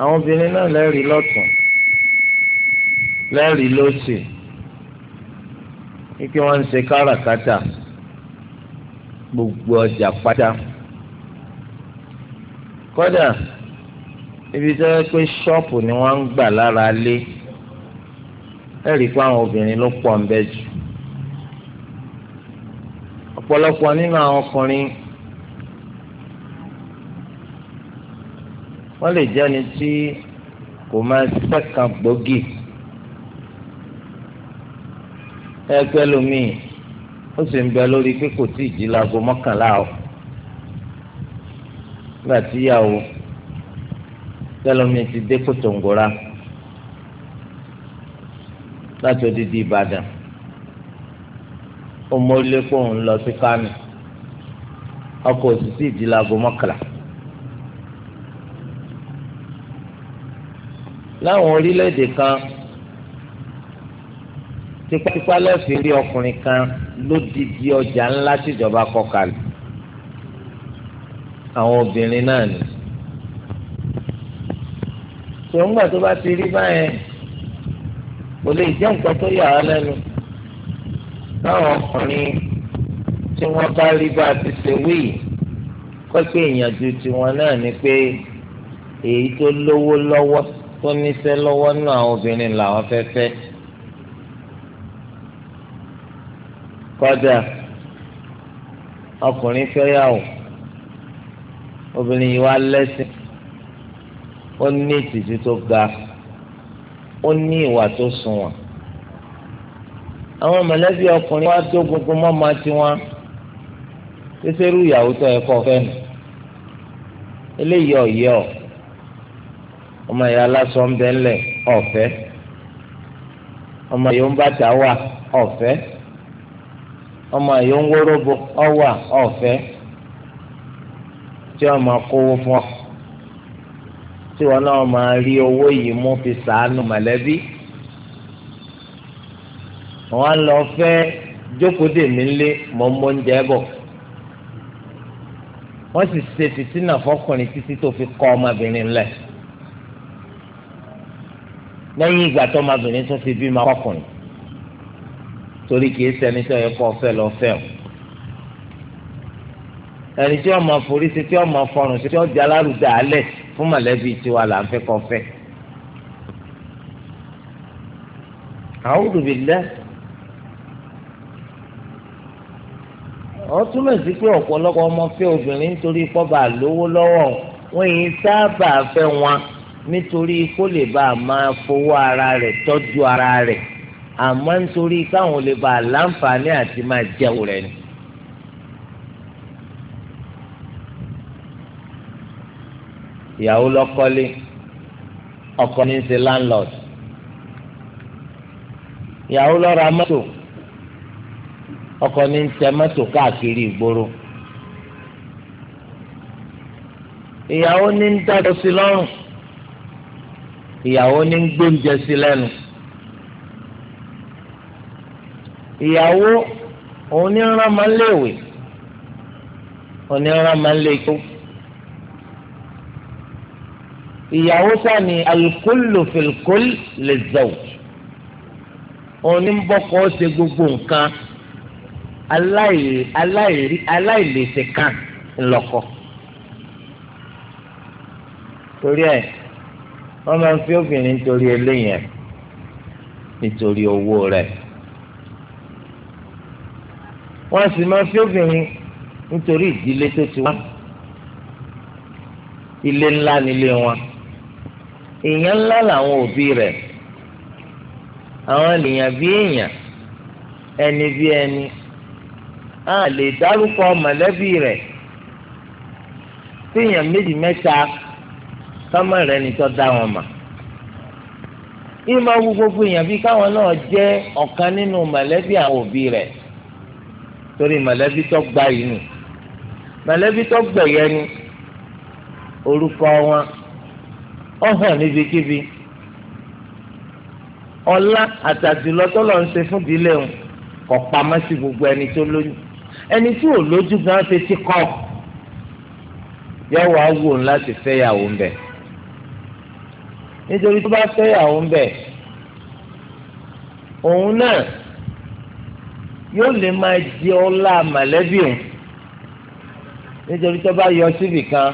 àwọn obìnrin náà lẹ́rìí lọ́tún lẹ́rìí lọ́sì ní kí wọ́n ń ṣe káràkátà gbogbo ọjà pátá kódà ibi tó yẹ pé ṣọ́ọ̀pù ni wọ́n ń gbà lára lé ẹ̀rí pé àwọn obìnrin ló pọ̀ ń bẹ jù ọ̀pọ̀lọpọ̀ nínú àwọn ọkùnrin wọ́n lè jẹ́ ẹni tí kò máa ṣiṣẹ́ kan gbòógì ẹgbẹ́ lomiì ó sì ń bẹ lórí pé kò tí ì jí láago mọ́kànlá o nígbà tí ìyàwó tẹlomiì ti dé kòtòǹgòrà láti odidi Ìbàdàn ó mórílé pé òun lọ sí Kánò ọkọ̀ òsì tí ì jí láago mọ́kànlá. láwọn orílẹ̀-èdè kan tipátipá lẹ́fìn rí ọkùnrin kan lódìdí ọjà ńlá tìjọba kọ kalẹ̀ àwọn obìnrin náà ni tòǹgbà tó bá ti rí báyẹn kò lè jẹ́ nǹkan tó yà á lẹ́nu láwọn ọkùnrin tí wọ́n bá rí bá ti ṣe wíì kọ́ pé ìyànjú tiwọn náà ni pé èyí tó lówó lọ́wọ́ tó níṣẹ́ lọ́wọ́ nínú àwọn obìnrin làwọn fẹ́ fẹ́ kọjá ọkùnrin fẹ́yàwó obìnrin yìí wá lẹ́sìn ó ní ìtìjú tó ga ó ní ìwà tó sunwọ̀n àwọn mọ̀lẹ́bí ọkùnrin wá tó gbogbo mọ́mọ́ tiwọn ṣíṣerú ìyàwó tó ẹ̀kọ́ fẹ́ nù eléyìí ọ̀yẹ́ ọ̀ ọmọ ìyá lásán ń bẹ ńlẹ̀ ọ̀fẹ́ ọmọ ìyá ń bàtà wà ọ̀fẹ́ ọmọ ìyá ń wóróbo ọwà ọ̀fẹ́ tí ọmọ kówó fún ọ tí wọn náà máa rí owó yìí mú fi sàánú mọ̀lẹ́bí wọn lọ fẹ́ jókòó dèmí ńlé mọ oúnjẹ bọ wọn sì ṣe fìtínà fọkùnrin títí tó fi kọ ọmọbìnrin lẹ lẹ́yìn ìgbà tó ọmọbìnrin tún fi bímọ ọkùnrin torí kìí ṣẹni tó yẹ kó fẹ́ lọ fẹ́ o ẹni tí ọmọ forí sí tí ọmọ fọrùn sí tí ọjà alárùdà alẹ̀ fún mọ̀lẹ́bí tiwa là ń fẹ́ kó fẹ́. A'udhu billah wọ́n túmọ̀ sí pé ọ̀pọ̀lọpọ̀ ọmọ fẹ́ obìnrin nítorí pọ́ba lówó lọ́wọ́ wọ́n yìí sábà fẹ́ wọn nítorí kó lè bá a máa fowó ara rẹ̀ tọ́jú ara rẹ̀ àmọ́ nítorí káwọn lè bá a láǹfààní àti máa jẹun rẹ̀ ni. ìyàwó lọ́kọ́lé ọkọ ní ṣe landlord ìyàwó ló ra mọ́tò ọkọ ní í tẹ mọ́tò káàkiri ìgboro ìyàwó ní í dájọ́ sí lọ́rùn ìyàwó ní ń gbóúnjẹ sí lẹ́nu ìyàwó òun ní rán máa ń léèwé òun ní rán máa ń léèkó ìyàwó sani alukólo fèlkólo lè zọ̀wọ̀ òun ṣe gbogbo nǹkan aláìlèsè kan ńlọkọ torí ẹ̀ wọ́n máa ń fi obìnrin nítorí eléyẹn nítorí owó rẹ̀ wọ́n sì máa fi obìnrin nítorí ìdílé tó ti wá ilé ńlá nílé wọn èèyàn ńlá làwọn òbí rẹ̀ àwọn ènìyàn bí èèyàn ẹni bí ẹni a lè dárúkọ mọ̀lẹ́bí rẹ̀ téèyàn méjì mẹ́ta sánmà rẹ ni tó dá wọn mà ìmọ̀ wú gbogbo èèyàn bíi káwọn náà jẹ́ ọ̀kan nínú mọ̀lẹ́bí àwọn òbí rẹ̀ torí mọ̀lẹ́bí tó gba yìí nù mọ̀lẹ́bí tó gbẹ̀yẹ ni orúkọ wọn ó hàn níbikíbi ọlá àtàdúlọ tó lọ ń ṣe fún ìdílé wọn kò pamọ́ sí gbogbo ẹni tó lóyún ẹni tí ò lójú gan ṣe ti kọ́ yẹ wàá wò láti fẹ́yàwó ń bẹ̀ nítorí tó bá fẹ́yàwó ń bẹ̀ òun náà yóò lè máa jẹ ọlá mọ̀lẹ́bí òun nítorí tó bá yọ síbì kan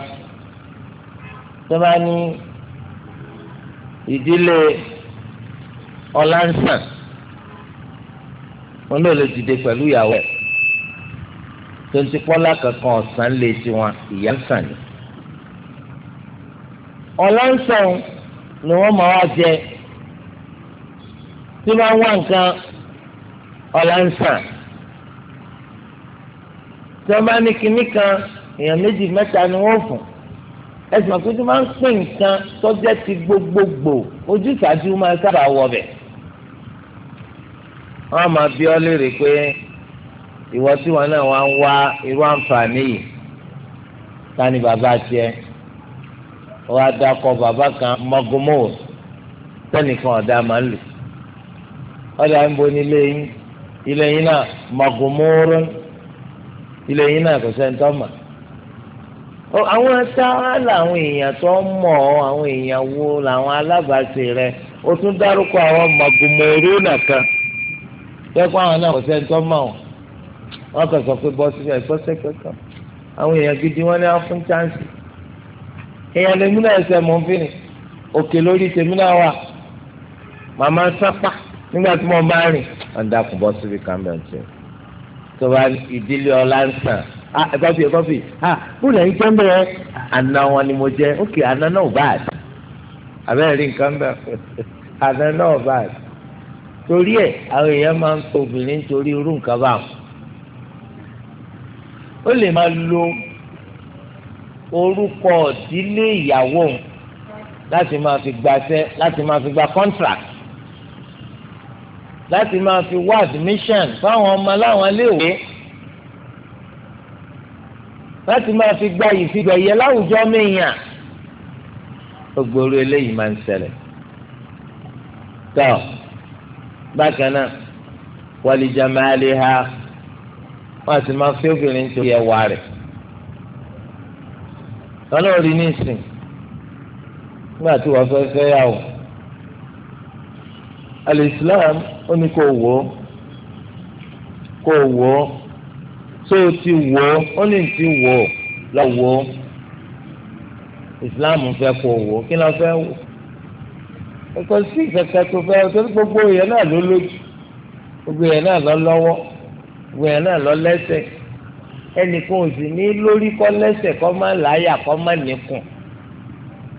tó bá ní ìdílé ọlánsàn wọn náà lè dìde pẹ̀lú ìyàwó ẹ̀ tó ń ti pọ́lá kankan ọ̀sán lé tiwọn ìyá ń sàn ni ọlánsàn ni wọ́n máa wá jẹ tí wọ́n wá nǹkan ọ̀la ń sàn tí wọ́n bá ní kinní kan èèyàn méjì mẹ́ta ni wọ́n fún ẹ̀sìn àkójú máa ń pín nǹkan tọ́jẹ́ ti gbogbogbò ojúṣàájú máa sábà wọ bẹ̀ wọ́n máa bi ọ́ léèrè pé ìwọ tí wọn náà wá ń wá irú àǹfààní yìí ta ni bàbá tiẹ̀ wọ́n adakọ dákọ̀ bàbá kan mọ́gòmọ́wò tẹ́nìkan ọ̀dà máa ń lò ọ̀dà ń bo nílé yín ilé yín náà mọ́gòmọ́rọ́ ilé yín náà kò sẹ́ni tó mọ̀ àwọn táwa làwọn èèyàn tó mọ̀ ọ́ àwọn èèyàn wo làwọn alábàáṣe rẹ o tún dárúkọ àwọn mọ̀gòmọ́rọ́ nìkan lẹ́kọ̀ọ́ àwọn náà kò sẹ́ni fún chánsì èèyàn lèmi náà ṣe mọ̀ nfin òkè lórí tèmi náà wà màmá sápá nígbà tí mo bá rìn ọ̀dà kò bọ́ síbi kàmbẹ̀ ọ̀tún tó bá ìdílé ọlá ń sàn ah kọfí kọfí ah bó lẹ́yìn jẹ́ mbẹ́ àná wọn ni mo jẹ́ ok àná náà ò bá a dì abẹ́rẹ́ rí nǹkan bẹ́ẹ̀ àná náà ò bá a dì torí ẹ̀ àwọn èèyàn máa ń tó obìnrin nítorí irú nǹkan báwọn ó lè máa lo orúkọ ìdílé ìyàwó òun láti máa fi gbàṣẹ láti máa fi gba contract láti máa fi wá admission fáwọn ọmọ láwọn iléèwé láti máa fi gba ìfigbẹ̀yẹ láwùjọ mìíyàn gbogbo orí eléyìí máa ń ṣẹlẹ̀ tọ́ bákan náà wàlìjàmbá lè ha wọ́n sì máa fi obìnrin tó yẹ wá rẹ̀ ọlọ́ọ̀rí ní ìsìn nígbà tí wọ́n fẹ́ fẹ́ yà wò alìsílám ó ní kó wò ó kó wò ó tó o ti wò ó ó ní ti wò ó lọ wò ó ìsìláàmù fẹ́ kó wò ó kí ló fẹ́ wò ẹ̀kọ́ sí ìkẹ́kẹ́ tó fẹ́ torí gbogbo yẹn náà ló lójú gbogbo yẹn náà lọ lọ́wọ́ gbogbo yẹn náà lọ lẹ́sẹ̀ ẹnìkan ò sì ní lórí kọ́ lẹ́sẹ̀ kọ́ má láyà kọ́ má nìkùn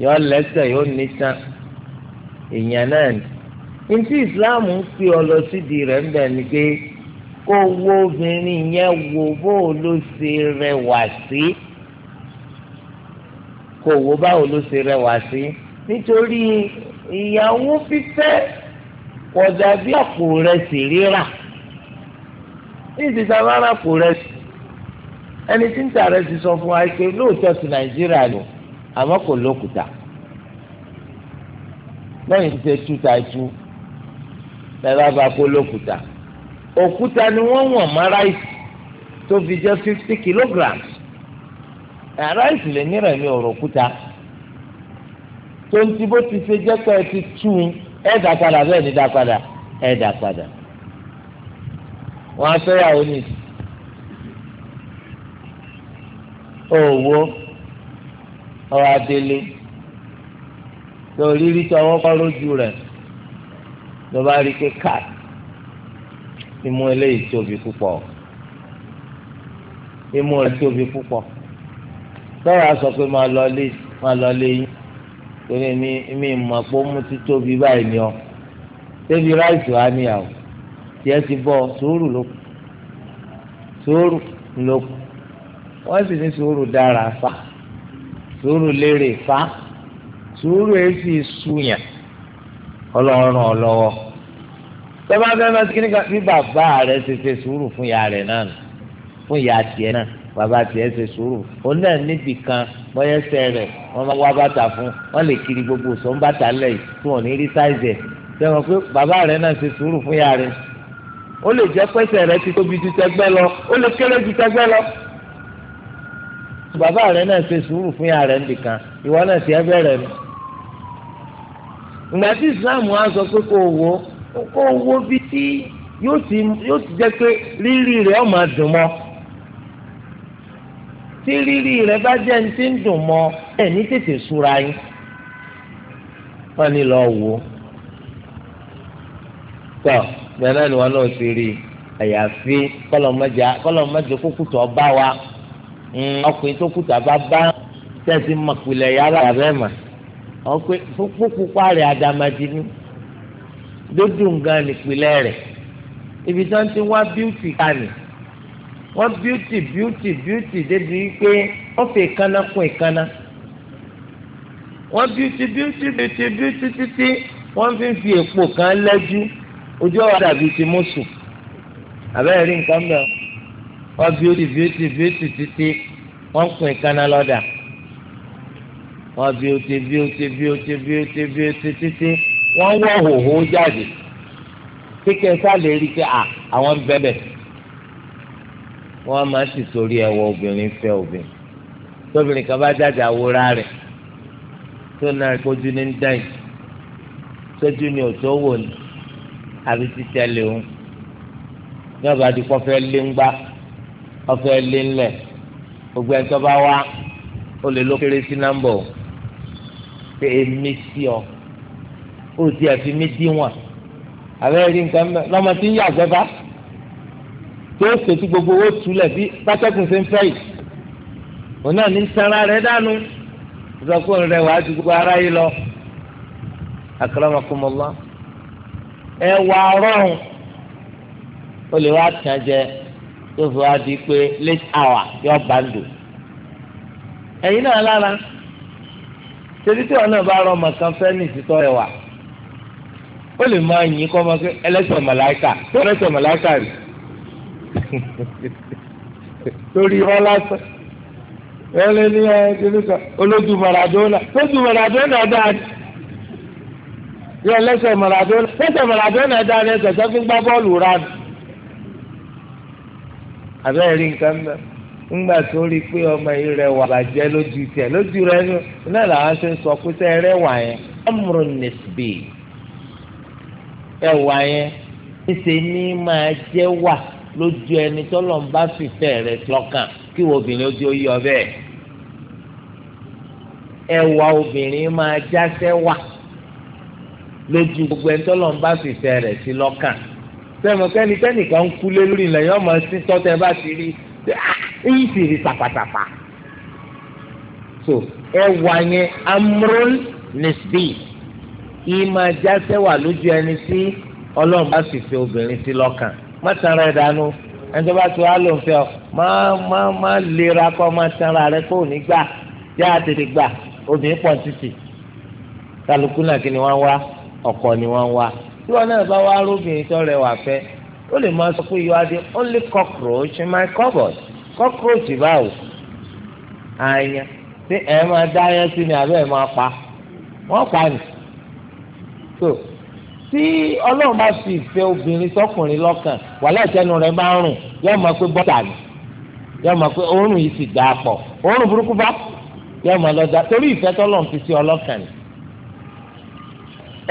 yọ lẹ́sẹ̀ yóò ní tán èèyàn náà ni ntí islam ń pè ọ lọ sídìí rẹ̀ ń bẹ̀ ni pé kó wo obìnrin yẹn wo bó o ló ṣe rẹwà sí kó wo báwo ló ṣe rẹwà sí nítorí ìyàwó fífẹ́ kọjá bí àpò rẹ̀ sì ríra ní ìsìtàbára àpò rẹ̀ sì ẹni tí ń tà rẹ ti sọ fún wa pé lóòótọ́ sí nàìjíríà lò àmọ́ kò lókùtà lẹ́yìn tí ṣe tú ta tú lẹ́yìn bá kó lókùtà òkúta ni wọ́n wọ̀n má ráìsì tó fi jẹ́ fifty kilograms ráìsì lè ní rẹ̀ ní ọ̀rọ̀ òkúta tó ń ti bó ti ṣe jẹ́ pé ẹ ti tú ẹ̀ dá padà bẹ́ẹ̀ ni dá padà ẹ̀ dá padà wọ́n á fẹ́ yàwó nìyí. owó ọ̀rọ̀ adélé tó rírí tó ọwọ́ kọ́ lójú rẹ̀ ló bá rí pé káà imú eléyìí tóbi púpọ̀ imú rẹ̀ tóbi púpọ̀ tọ́wọ́ a sọ pé máa lọ lé máa lọ lé yín torí mi mi mọ̀ pé ó mú ti tóbi báyìí ni ọ débi ráìsì wa níyàwó tiẹ̀ ti bọ̀ sùúrù ló kù ló kù wọ́n sì ní sùúrù dára fa sùúrù lérè fa sùúrù èsì sùnyàn ọlọ́run ọlọ́wọ́ tọ́ba fẹ́ máa ti kíni kan bí bàbá rẹ̀ ṣe ṣe sùúrù fún ìyá rẹ̀ náà fún ìyá tiẹ̀ náà bàbá tiẹ̀ ṣe sùúrù òun náà níbì kan bọ́yẹ́sẹ̀ rẹ̀ wọ́n máa wá bàtà fún wọ́n lè kiri gbogbo sọ́n bàtà lẹ̀ tí wọ́n ní rí sáìzẹ̀ sẹ́wọ̀n pé bàbá rẹ̀ náà ṣe sùúrù fún ìyá rẹ̀ ó lè jẹ́ pẹ́sẹ̀ rẹ̀ ti tóbi ju tẹgbẹ́ lọ ó lè kéré ju tẹgbẹ́ lọ bàbá rẹ náà ṣe sùúrù fún yàrá rẹ nìkan ìwọ náà ti ẹgbẹ́ rẹ ni. ìgbà tí islam wa sọ pé kò wo kò wo bí tí yóò ti jẹ́ pé rírì rẹ̀ ọ̀ máa dùn mọ́ tí rírì rẹ̀ bá jẹ́ ní ti ń dùn mọ́ ẹ̀ ní tètè súra yín wọ́n ní lọ́ọ́ wò ó tọ náà ni wọn náà ti rí àyàfi kọlọmọdé kọlọmọdé kúkú bá wa Hmm. ọkùnrin tó kùtà bá bá tẹ̀sí mọ̀pìlẹ̀ yàrá yàrá mà ọkùnrin fúnpá rẹ̀ àdàmàdì ni dódù nǹkan nìpìlẹ̀ rẹ̀ ibi tí wọ́n ti wá bíútì kanì wọ́n bíútì bíútì bíútì débi pé wọ́n fi ìkànnà kún ìkànnà wọ́n bíútì bíútì bíútì bíútì títí wọ́n fi ń fi èpò kan lẹ́jú ojú ọ̀rọ̀ dàbí ti mú sùn àbẹ́rẹ́ rí nǹkan mẹ́rin wọ́n bíótì bíótì bíótì títí wọ́n ń pin kaná lọ́dà wọ́n bíótì bíótì bíótì bíótì bíótì títí wọ́n wọ́ hòhò jáde kíkẹ́ sálẹ̀ rí pé àwọn bẹ̀bẹ̀ wọ́n máa ti sórí ẹ̀wọ̀ obìnrin fẹ́ obìnrin tóbìnrin kan bá jáde àwòrán rẹ̀ tó náà kójú ní dáì sójú ni ò tó wò ní àbí títẹ̀ lé òun ní ọba àdìpọ̀ fẹ́ lé ń gbá ọfẹ lé ńlẹ gbogbo ẹni tó bá wá ó lè ló kéré sí nọmbọ pé èmi sí ọ ó ti ẹfi mí díwọn àbẹ rí nǹkan mẹ lọmọ tí ń yà gbẹba tó ṣètì gbogbo owó túlẹ̀ bí pátákùn ṣe ń fẹ́ yìí òun náà ní sanra rẹ dànù ìsọkúrò rẹ wàá ju gbogbo ara yìí lọ akramakumullah ẹ wà rọrùn ó lè wá tàn jẹ tó fi wá di pé late hour yọ bàndò ẹ̀yin náà lára torí tí wọn náà bá rọ ọmọ kan fẹ́ ní ìtítọ́ ẹ̀ wà ó lè máa yìn kọ́ ọmọ pé ẹlẹ́sẹ̀ màláìkà tó ẹlẹ́sẹ̀ màláìkà rí torí irọ́ lásán wọ́n lé ní ẹ̀ẹ́dínlẹ́sẹ̀ olójú Maradona olójú Maradona dáa ni yọ ẹlẹ́sẹ̀ Maradona ẹlẹ́sẹ̀ Maradona dáa ni ẹ̀sẹ̀ sẹ́fún gbá bọ́ọ̀lù rà àbẹ́rẹ́ rí nǹkan mẹ́ ńgbà tó rí i pé ọmọ yìí rẹwà bàjẹ́ lójú tiẹ̀ lójú rẹ náà làwọn ṣe ń sọ pé sẹ́ rẹwà yẹn ọmọrò nẹ̀sìbì ẹwà yẹn ṣíṣe ní máa jẹ́ wà lójú ẹni tọ́lọ̀ ń bá fìfẹ́ rẹ̀ lọ́kàn kí obìnrin ojú ó yọ bẹ́ẹ̀ ẹwà obìnrin máa jásẹ́ wà lójú gbogbo ẹni tọ́lọ̀ ń bá fìfẹ́ rẹ̀ sí lọ́kàn sẹ́mu kẹ́nikẹ́ni kan ń kulé lórí ilẹ̀ yọ ọmọ sí tọ́tẹ bá ti rí èyí ah, sì rí tàpàtàpà. so ẹwà yẹn amúrún nìsbí ìmọ̀ jásẹ́ wà lójú ẹni sí ọlọ́run bá sì fi obìnrin sí lọ́kàn má tanra ẹ̀ dànù ẹni tó bá tó wá ló ń fẹ́ ọ má má má lera kọ́ má tanra rẹ kó ní gbà yá tètè gbà obìnrin pọ̀ títì kálukú náà kí ni wọ́n wá ọkọ ni wọ́n wá tí wọn náà bá wá arúgbìn tó rẹwà fẹ́ ó lè máa sọ pé you are the only cockroach in my cupboard cockroach báwo àyàn tí ẹ máa dá yẹn sí ni àbẹ́ ẹ máa pa wọ́n pa nì so tí ọlọ́run bá fi ìfẹ́ obìnrin sọkùnrin lọ́kàn wàhálà ìtẹnu rẹ̀ bá ń rùn yóò máa pé bọ́tà ni yóò máa pé òórùn yìí sì dáa pọ̀ òórùn burúkú bá yóò máa lọ da torí ìfẹ́ tọ́lọ́run fi sí ọlọ́kàn ni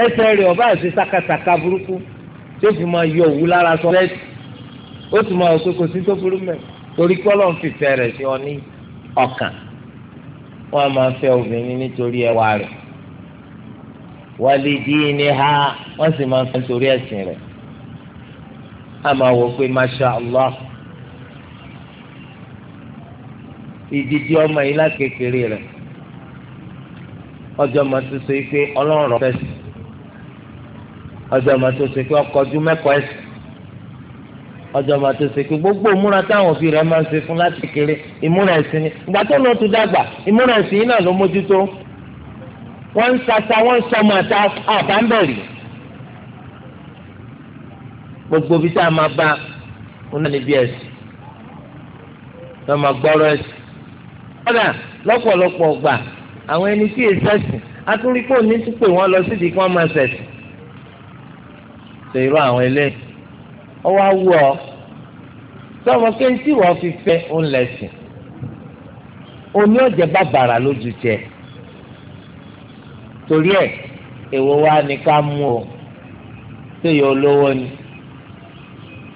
ẹsẹ̀ rẹ̀ ọba àti sakasaka burúkú tí ó fi máa yọ òwú lára sọ lẹ́sì ó sì máa òkè kò sí tó burú mẹ́ torí pé ọlọ́run fìfẹ́ rẹ̀ sí ọ ní ọkàn wọ́n máa fẹ́ obìnrin nítorí ẹwà rẹ̀ wálé díì ní ha wọ́n sì máa fẹ́ nítorí ẹ̀sìn rẹ̀ a máa wọ pé masha allah ìdíjí ọmọ yìí lákékeré rẹ̀ ọjọ́ máa tún so yìí pé ọlọ́run rọ̀ fẹ́ sí ọjọ́ ọmọ tó ṣe pé ọkọ̀jú mẹ́kọ̀ọ́ ẹ̀sìn ọjọ́ ọmọ tó ṣe pé gbogbo ìmúra táwọn òfin rẹ̀ máa ń ṣe fún láti kéré ìmúra ẹ̀sìn ni ìgbà tó lọ́ọ́ tún dàgbà ìmúra ẹ̀sìn yìí náà ló mójútó wọ́n ń sasa wọ́n ń sọmọ àti àbámbẹ̀rì gbogbo bí tá a máa bá wọn náà níbi ẹ̀sìn lọ́ máa gbọ́rọ̀ ẹ̀sìn kọ́dà lọ́pọ̀lọpọ̀ ọgbà àwọn ẹni tí èsì ẹ̀sìn atúrípò ní tún pè wọ́n lọ ṣe irú àwọn eléyìí ó wá wú ọ sọmọ kéńtì wọ́n fi fẹ́ ń lẹ̀sìn oní ọ̀jẹ̀ bàbàrà lójú jẹ torí ẹ̀ èwo wa ni ká mú o ṣé yọ olówó ni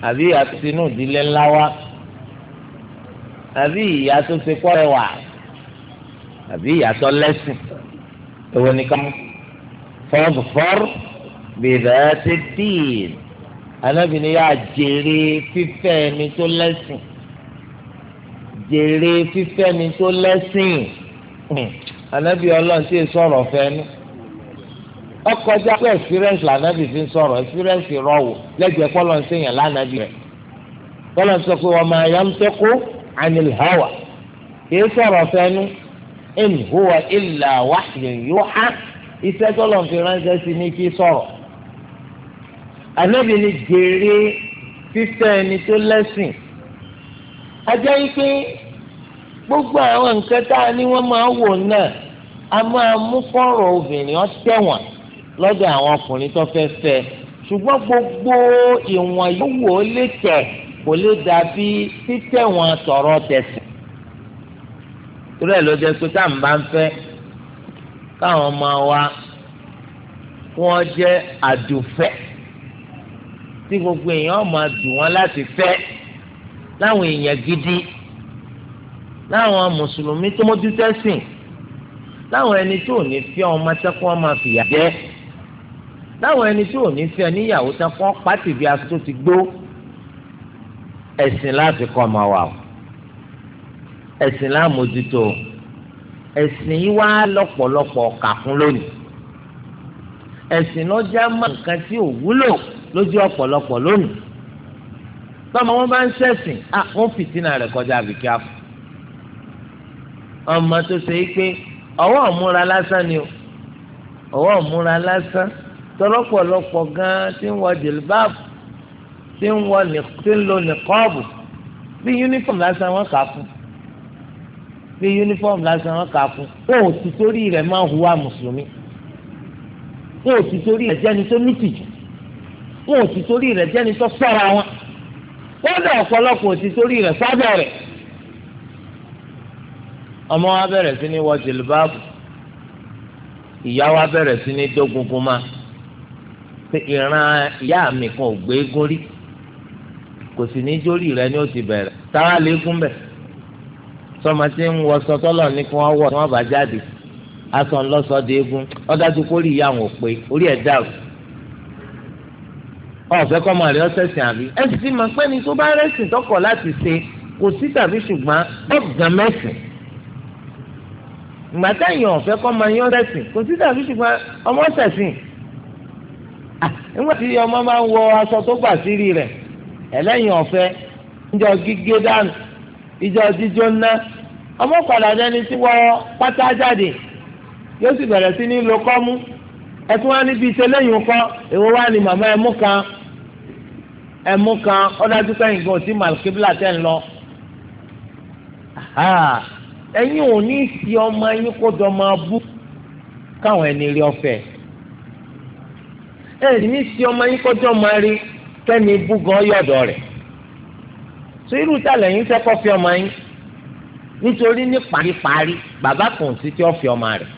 àbí àtinú ìdílé ńlá wa àbí ìyá tó ṣe kọ́rẹ́ wà àbí ìyá tó lẹ́sìn èwo ni ká mú fọ́ọ̀bù fọ́ọ̀rù bìbẹ́ẹ́sì díìn anábìnrin yà jèrè fífẹ́ ẹni tó lẹ́sìn jèrè fífẹ́ ẹni tó lẹ́sìn anábì ọlọ́run sì sọ̀rọ̀ fẹ́ni ọkọjá pé experience lànàbì fi ń sọ̀rọ̀ experience rọ̀wò lẹ́gbẹ̀ẹ́ kọ́lọ̀ ń sèyàn lánàbì rẹ̀ kọ́lọ̀ sọ pé wọ́n máa yá ń tẹ́kọ́ anil hawa kìí sọ̀rọ̀ fẹ́nu in huwa illa wahyun yuha iṣẹ́ tọ́lọ̀ fi ránṣẹ́ sí ní kí sọ̀rọ̀ ànábì ni jèrè fífẹ́ ẹni tó lẹ́sìn ajá yìí pé gbogbo àwọn nǹkan tá a ní wọ́n máa wò náà a máa mú kọ́rọ̀ obìnrin ó tẹ̀wọ̀n lọ́dọ̀ àwọn ọkùnrin tó fẹ́ fẹ́ ṣùgbọ́n gbogbo ìwọ̀n yòówù ó lè tẹ̀ kò lè dàbí títẹ̀wọ̀n tọ̀rọ̀ tẹ̀sìn torí ló jẹ́ pé tá à ń bá ń fẹ́ káwọn máa wá wọ́n jẹ́ àdùfẹ́ tí gbogbo èèyàn máa dùn wọn láti fẹ́ láwọn èèyàn gidi láwọn mùsùlùmí tó mójú tẹ́sìn láwọn ẹni tó ní fẹ́ ọmọ sẹ́kọ́ ọmọ fìyà jẹ́ láwọn ẹni tó ní fẹ́ níyàwó sẹ́kọ́ pátì bí aṣọ tó ti gbó ẹ̀sìn láti kọ́ ọmọ wa o ẹ̀sìn lámòjútó ẹ̀sìn yìí wá lọ́pọ̀lọpọ̀ kàkún lónìí ẹ̀sìn lọ́jà máa nǹkan tí ò wúlò lójú ọ̀pọ̀lọpọ̀ lónìí tọ́mọ wọn bá ń ṣẹ̀sìn à wọ́n fìtínà rẹ̀ kọjá àbíkí àpò ọmọ tó ṣe é pé ọwọ́ ọ̀múra lásán ni o ọwọ́ ọ̀múra lásán tọ́lọ́pọ̀lọpọ̀ gan-an tí ń wọ jìlbáàbù tí ń wọ tí ń lo nìkọ́ọ̀bù bí yúnífọ̀mù lásán wọ́n kà á fún bí yúnífọ̀mù lásán wọ́n kà á fún wọn ò ti máa hùwà mùsùlùmí wọn ò ti jẹ́ni tó nítìjú wọn ò sì torí rẹ̀ jẹ́ni tó sọ́ra wọn wọ́n dẹ̀ ọ̀pọ̀lọpọ̀ ò sì torí rẹ̀ sábẹ́ rẹ̀ ọmọ wa bẹ̀rẹ̀ sí ní wọ jìlìbáàbù ìyá wa bẹ̀rẹ̀ sí ní dógungun ma pé ìran ìyá mi kan ò gbé eégún rí kò sì ní jórí rẹ ni ó ti bẹ̀rẹ̀ táwa lè gún bẹ̀ sọma tí ń wọ sọtọ́lọ̀ ní kí wọ́n wọ̀ tí wọ́n bá jáde aṣọ ńlọ́sọ di eégún ọ̀dájú kórìí wọn pé orí ẹ̀ dàrú ọ̀fẹ́ kọ́ máa rí ọ́sẹ̀sìn àbí. ẹ sì ti mọ̀ pé ni tó bá rẹ́sìn tọkọ̀ láti ṣe kò sí tàbí ṣùgbọ́n ọ̀gàn mẹ́sìn. ìgbà táyìn ọ̀fẹ́ kọ́ máa yán rẹ́sìn kò sí tàbí ṣùgbọ́n ọmọ ṣẹ̀sìn. nígbà tí ọmọ máa ń wọ aṣọ tó gbà sírí rẹ̀ ẹlẹ́yìn ọ̀fẹ́ ìjọ gígé dànù ìjọ jíjó ná ọmọ padà dẹni tí wọ́n pátá jáde yóò sì bẹ̀rẹ̀ sí ní lo kọ́mú ẹ̀tún wá níbi ìṣẹ́lẹ́yìn kọ́ èwo wá ní màmá ẹ̀ mú kan ẹ̀mú kan ọ̀dájú kẹ́yìn gan sí malkibla tẹ̀ ń lọ. ẹ̀yin ò ní sí ọmọ ẹ̀yin kó jọ máa bú káwọn ẹni rí ọ̀fẹ́ ẹ̀yin ní sí ọmọ ẹ̀yin kó jọ máa rí kẹ́ni bú gan yọ̀dọ̀ rẹ̀ so irú ìtàlẹ̀ yín fẹ́ kọ́ fi ọmọ yín nítorí ní paríparí bàbá kan sí tí ó fi ọmọ rẹ̀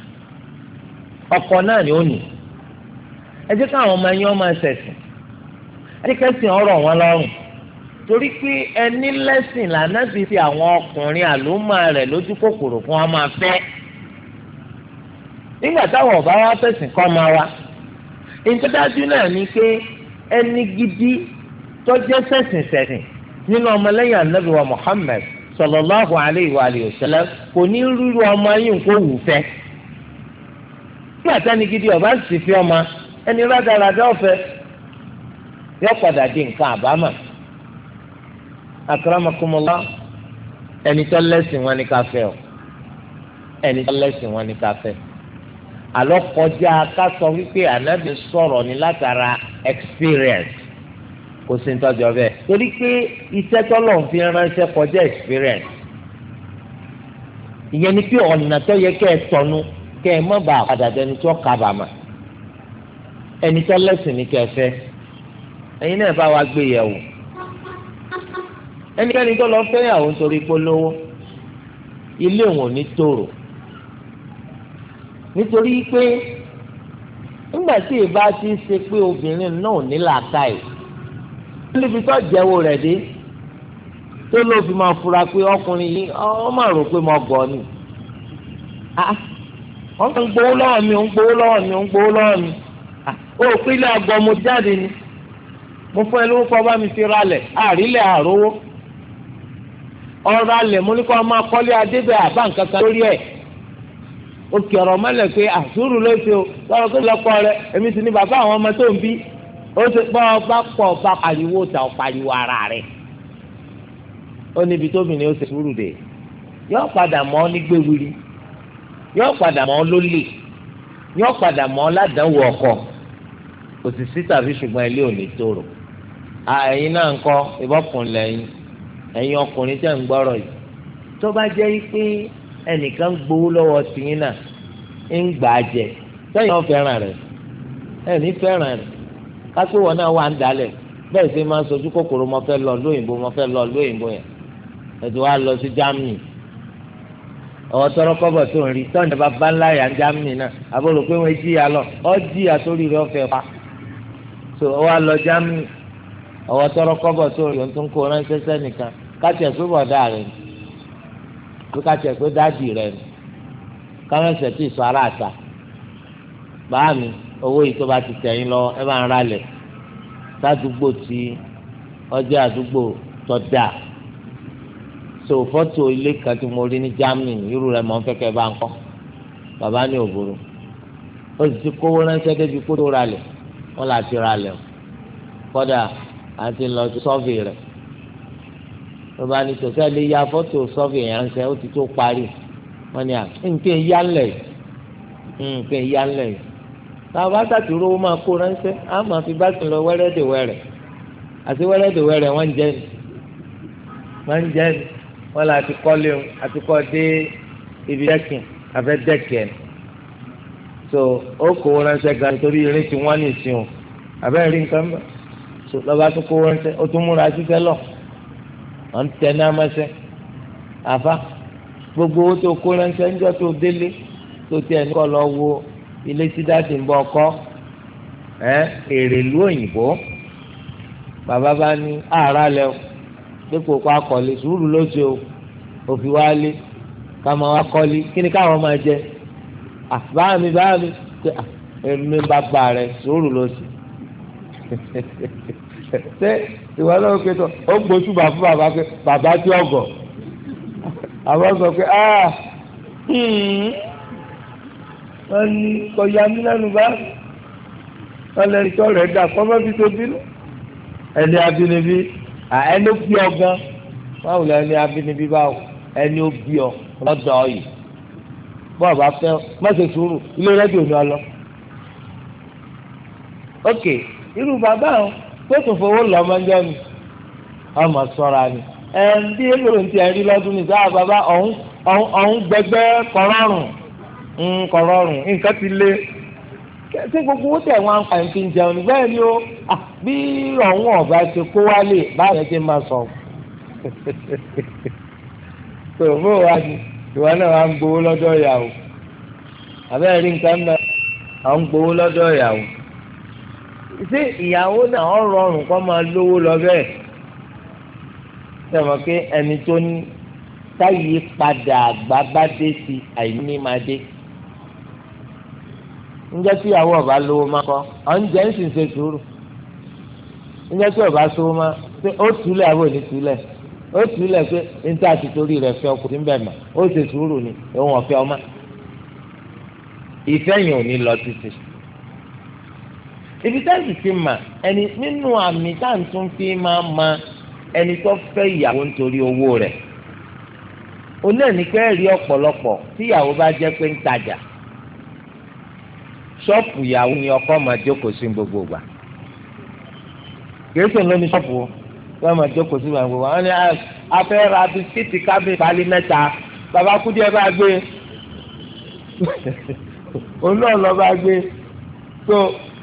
ọkọ náà ni ó nì ẹ jẹ́ káwọn ọmọ yín ọmọ ẹsẹ̀ sìn àdékẹ́sìn ọ̀rọ̀ wọn lọ́rùn torí pé ẹni lẹ́sìn lànà ti fi àwọn ọkùnrin àlómà rẹ̀ lójú kòkòrò fún wọn máa fẹ́ nígbà táwọn ọba wa fẹ̀sìn kọ́ máa wa ìtọ́jájú náà ni pé ẹni gidi tọ́jẹ́ sẹ̀sìn sẹ̀sìn nínú ọmọlẹ́yìn anabi wa Muhammad sallallahu alayhi wa alihi wa sallam kò ní rúru ọmọ yìí kó wù fẹ́ nígbà táni gidi ọba sì fi ọmọ ẹni rádaràdà ọ̀fẹ́ yọ padà di nǹkan àbámà akramakumullah ẹni tó lẹ́sìn wọn ni ká fẹ́ o ẹni tó lẹ́sìn wọn ni ká fẹ́ àlọ́ kọjá ká sọ wípé ànábì sọ̀rọ̀ ni látara experience kò sí nítorí ọbẹ̀ torí pé iṣẹ́ tọ́lọ̀ ń fi ránṣẹ́ kọjá experience ìyẹn ni pé ọ̀nà tó yẹ kẹ́ ẹ tọ́nu kẹ́ ẹ mọ̀ bá àdàdẹ́ni tó kábàámà ẹni tó lẹ́sìn ni kẹ́ ẹ fẹ́ ẹ̀yin náà bá wa gbé yẹ̀wò ẹnikẹ́ni tó lọ fẹ́yàwó nítorí polówó ilé òun ò ní tòrò nítorí pé nígbà tí ìbá ti ṣe pé obìnrin náà ò ní làákàyè níbi tó jẹ́wọ́ rẹ̀ dé tó ló fi máa fura pé ọkùnrin yìí ọ máa rò pé mo gọ̀ ni ah, wọ́n ń gbowó lọ́wọ́ mi ń gbowó lọ́wọ́ mi ń gbowó lọ́wọ́ mi ó pínlẹ̀ ọgbọ́n ah, mo jáde ni mo fún ẹ lówó kọ́ bá mi fi ralẹ̀ àrílẹ̀ àrówó ọ̀rọ̀ alẹ̀ mo ní kọ́ máa kọ́lé adébẹ̀ àbá nǹkan kan lórí ẹ̀ o kì ọ̀rọ̀ mọ́lẹ̀ pé àsúrù ló ṣe o lọ́rọ̀ tó lọ́kọ́ rẹ èmi sì ni bàbá àwọn ọmọ tó ń bí ó ti pọ́ ọba pọ̀ ọba pariwo ta ọ̀pariwo ara rẹ̀ ó níbi tóbi ni ó ṣe sùúrù dè yóò padà mọ́ ní gbéwìrì yóò padà mọ́ lólè yóò padà mọ́ ládàáwò ọkọ òsì sí tàbí ṣùgbọ́n ilé ò ní tóró àyìn ah, náà ń kọ́ ìbọ̀kùn lẹ́yìn ẹ̀yin ọkùnrin tẹ̀ ń gbọ́rọ̀ yìí tó bá jẹ́ pé ẹnìkan gbowó lọ́wọ́ tìyín náà ń gbà á jẹ sẹ́yìn náà fẹ́ràn rẹ̀ ẹ̀ní fẹ́ràn rẹ̀ kápẹ́ wọn náà wà ń dalẹ̀ bẹ́ẹ̀ sì máa ń sojú kòkòrò mo fẹ́ lọ lóyìnbó mo fẹ́ lọ lóyìnbó yẹn ẹ̀tọ́ wa lọ sí Germany ọwọ́ tọrọ kọ́bọ̀ tó ń rí tọ́ǹdà bàbá ńlá yà ń Germany náà àbúrò pé wọ́n jí ya lọ ọ́ jí ya sórí rẹ̀ ọ̀fẹ́ pa so ọ wa lọ Germany ọwọ́ tọrọ kọ́bọ̀ tó yọ̀ tó ń kó ránṣẹ́ sẹ́nìkan káṣẹ̀ pé bọ̀dá rẹ̀ ni pé káṣẹ̀ pé dáàdì rẹ̀ ni kámẹ́sẹ̀ tí sọ ara àta bàá mi owó yìí tó bá ti tẹ̀yìn lọ ẹ máa ń ralẹ̀ sádùúgbò tí ọjọ́ àdúgbò tọ́ da so fọ́tò ilé kan tí mo rí ní Germany irú rẹ̀ mọ̀ ń fẹ́kẹ́ bá ń kọ́ bàbá ní òbúrò ó sì ti kówó ránṣẹ́ débi kó tó ralẹ̀ wọ́n là ti ralẹ̀ o àti lọ sọ́ọ̀fì rẹ̀ tó bá ní tòṣẹ́ lè ya fọ́tò sọ́ọ̀fì yẹn ń sẹ́ ó ti tó parí wọ́n ní à nǹkan ìyá ńlẹ̀ nǹkan ìyá ńlẹ̀ táwọn bá sàtúrò ó máa kó ránṣẹ́ á máa fi bá sùn lọ wẹ́rẹ́dẹ̀wẹ́rẹ́ àti wẹ́rẹ́dẹ̀wẹ́rẹ́ wọ́n ń jẹ́ ni wọ́n ń jẹ́ ni wọ́n là ti kọ́ léwu àti kọ́ dé ibi dẹ́kìn afẹ́ dẹ́kìn so ó kó ránṣẹ́ gan torí eré tí wọ́n ní ìsìn o àbẹ́rẹ́ rí nǹkan mẹ́ta lọ́ba tó kó wọn sẹ́ ó tún múra sísẹ́ lọ à ń tẹ náà mẹ́sẹ́ àfa gbogbo owó tó kó ránṣẹ́ níjọ́ tó délé tó tiẹ̀ ní kọ́ lọ wo ilé tí dáàdì ń bọ̀ kọ́ ẹ́ èrè lú òyìnbó bàbá bá ní àárá lẹ o dípò kó akọ̀lé sùúrù ló ṣe o òfin wa lé ká máa wá kọ́lé kí ni káwọn máa jẹ àbáàmì báàmì pé ẹ̀mí bàbá rẹ̀ sùúrù ló ṣe ṣé ìwọ náà pé tó ó gbósùbà fún bàbá pé bàbá tí ó gọ̀ àwọn sọ pé ah wọ́n ní kọjá mi lẹ́nu bá wọ́n lẹ́nu tó rẹ̀ dà kọ́ bá fi tó bínú ẹni abínibí ẹni ó bí ọ gan báwo lẹ́ni abínibí báwo ẹni ó bí ọ lọ́dọ̀ ọ̀yì bọ́ọ̀ bá fẹ́ má ṣe sùúrù ilé rẹ́díò ni ọ lọ irú bàbá àwọn tó tún fowó lọ ọmọ ẹjọ́ mi ọmọ sọ́ra ni ẹ̀ ń bí èlòrò ti ẹ̀rí lọ́dún ní sáà bàbá ọ̀hún ọ̀hún gbẹgbẹ́ kọ̀rọ̀rùn kọ̀rọ̀rùn nǹkan ti lé ṣé gbogbo owó tẹ̀ wọ́n àǹfààní ti ń jẹun ní bẹ́ẹ̀ ni ó bí ọ̀hún ọ̀gá ṣe kó wálé báyọ̀ ṣe máa sọ tó bó wá ní ìwọ náà wà ń gbowó lọ́dọ̀ ìyàwó àbẹ́rẹ́ rí nǹkan náà à ń gbowó lọ́dọ̀ ìyàwó ṣé ìyàwó náà ọ rọrùn kó máa lówó lọ bẹ́ẹ̀ sọ̀rọ̀ pé ẹni tó ní táyì padà àgbà bá dé sí àìní máa dé ǹjẹ́ tí ìyàwó ọba lówó máa kọ́ ọ̀njẹ́ ń sìn ṣe sùúrù ǹjẹ́ tí ọba sówó máa pé ó túlẹ̀ àbò ní túlẹ̀ ó túlẹ̀ pé níta ti torí rẹ̀ fẹ́ ọkùnrin bẹ̀ mọ́ ó ṣe sùúrù ni òun ọ̀fẹ́ ọmọ ìfẹ́ yìí ò ní lọ títí ibi táyì ti mà ẹni nínú àmì táǹtún fi máa ma ẹni tó fẹ́ ìyàwó nítorí owó rẹ̀ oní ẹnikẹ́ rí ọ̀pọ̀lọpọ̀ tíyàwó bá jẹ́ pé ń tajà ṣọ́ọ̀pù ìyàwó ni ọkọ máa jókòó sí gbogbo gbà kìí sèǹdó ní ṣọ́ọ̀pù wọ́n máa jókòó sí gbogbo gbà wọ́n ní afẹ́ ra bisikíìtì kábíyì pálí mẹ́ta bàbá kúdí ẹ bá gbé òun náà bá gbé tó.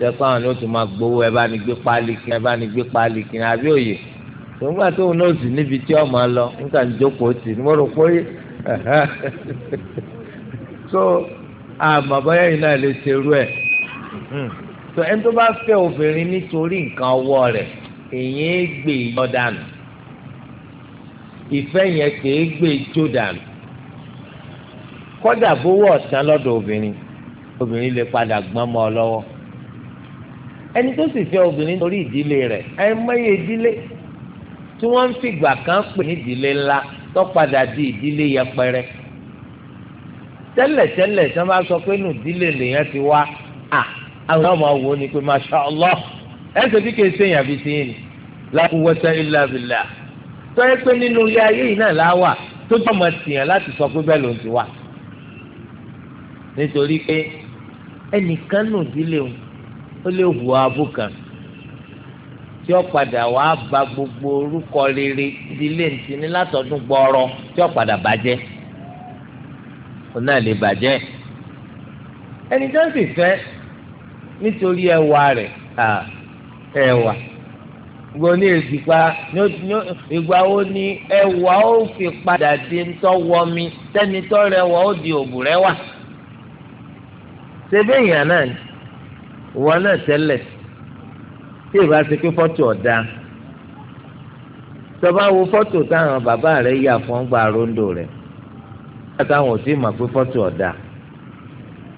tẹ́kọ̀ àwọn yóò tún máa gbowó ẹ bá ní gbé páálí kí ẹ bá ní gbé páálí kí àbí òye níbi tí lọ nígbà ní pé so àmọ́ bọ́yá yìí náà lè ṣerú ẹ̀ so ẹni tó bá fẹ́ obìnrin nítorí nǹkan ọwọ́ rẹ̀ èyí ń gbé iyọ̀ e dànù ìfẹ́ yẹn kìí gbé ijó e dànù kọ́dà bówó ọ̀tán lọ́dọ̀ obìnrin obìnrin lè padà gbọ́n mọ́ ọ lọ́wọ́ ẹni tó sì fẹ́ obìnrin torí ìdílé rẹ̀ ẹ mọ̀ye ìdílé tí wọ́n ń fìgbà kan pè ní ìdílé ńlá tó padà di ìdílé yẹpẹrẹ tẹ́lẹ̀tẹ́lẹ̀ tí wọ́n bá sọ pé nù ìdílé lèèyàn ti wá à àwọn ọmọ wo ni pé masha allah ẹ ṣe bí kèsì èèyàn fi sí ni la quwwata illa billah tó yẹ pé nínú ilé ayé yìí náà láwà tó bá ọmọ tìyàn láti sọ pé bẹ́ẹ̀ ló ń ti wà nítorí pé ẹnìkan nù ìdílé òun ó lè hùwà abúkan tí ó padà wá ba gbogbo orúkọ rere ìdílé ntìní látọdún gbọọrọ tí ó padà bàjẹ́ ó náà lè bàjẹ́ ẹni tó ń sì fẹ́ nítorí ẹwà rẹ̀ ẹwà gbogbo ní èsìpá ìgbà wo ni ẹwà ó fi padà di ńtọ́ wọmi tẹ́nitọ́ rẹwà ó di òbúrẹ́wà ṣe bẹ́ẹ̀ yàn náà ni wọn náà tẹ́lẹ̀ tí ìbá ṣe pé fọ́tò ọ̀dà tọ́ba wo fọ́tò táwọn bàbá rẹ̀ yà fún gba rondo rẹ̀ táwọn ò tí ì mọ̀ pé fọ́tò ọ̀dà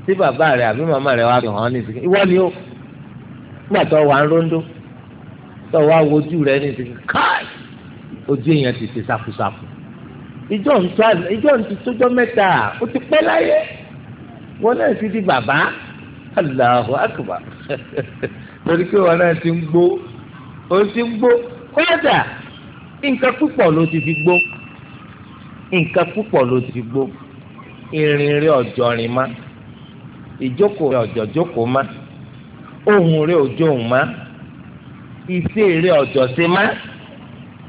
tí bàbá rẹ̀ àbí màmá rẹ̀ wá fi hàn ní ìsìnkú ìwọ ni ó nígbà tó wà ń rondo tó wà wojú rẹ̀ ní ìsìnkú káì ojú èèyàn ti ṣe sáfùsáfù ìjọ ń tó ìjọ ń tó tó jọ mẹ́ta ó ti pẹ́ láyé wọn náà ti di bàbá. Allahu akbar torí pé wọn náà ti ń gbó ó ti ń gbó kódà nǹkan púpọ̀ ló ti fi gbó nǹkan púpọ̀ ló ti fi gbó ìrìn rẹ̀ ọ̀jọ̀ rìn má ìjókòó rẹ̀ ọ̀jọ̀ jókòó má ohùn rẹ̀ òjò òun má ìṣe rẹ̀ ọ̀jọ̀ ṣe má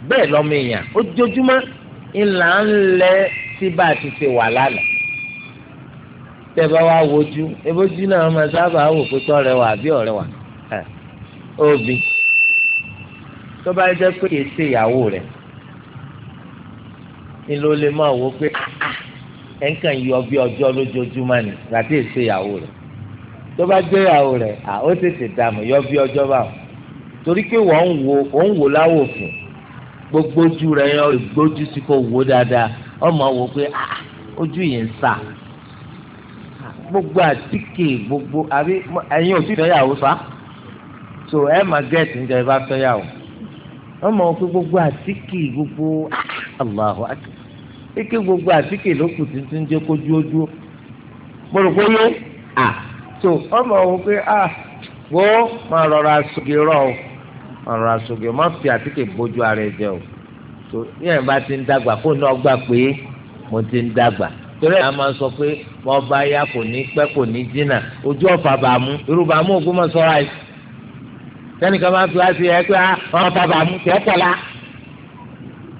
bẹ́ẹ̀ lọ́mọ èèyàn ojoojúmọ́ ńlá ńlẹ́ tí ti ṣe wà lánàá tẹ́ bá wá wojú ebójú náà máa sábà wò pé tọ́rẹ̀ wà àbí ọ̀rẹ́ wà tó bá jẹ́ pé kìí ṣe ìyàwó rẹ̀ ni ló lè máa wò pé ah, ẹ̀ yọ bí ọjọ́ lójoojúmọ́ ni gàtí ìyàwó rẹ̀ tó bá ìyàwó rẹ̀ à ó tètè dààmú yọ bí ọjọ́ torí pé wọ́n ń wo ó ń gbogbo ojú gbogbo àtíkè gbogbo àbí ẹ̀yin ò tí fẹ́yàwó fa so ẹ má gẹ́ẹ̀tì níjà ẹ bá fẹ́yàwó wọ́n mọ̀ pé gbogbo àtíkè gbogbo Allahu akbar ike gbogbo àtíkè ló kù tuntun jẹ́ kójú ojú mo rò yé à so wọ́n mọ̀ wọ́n wo máa rọra sọ̀gẹ̀ rọ̀ o máa rọra sọ̀gẹ̀ má fi àtíkè bójú ara ẹ jẹ o so yẹ́n bá ti ń dàgbà kó náà gbà pé mo ti ń dàgbà torí ẹ̀ máa sọ pé wọ́n bá yá kò ní pẹ́ kò ní jìnnà ojú ọ̀fà bàmú irú bàmú ògùn mọ̀ sọ́ra yìí sẹ́nìkan máa fi wá sí ẹ pé ah, ọ̀rọ̀ bàbá mú tẹ́ pọ̀lá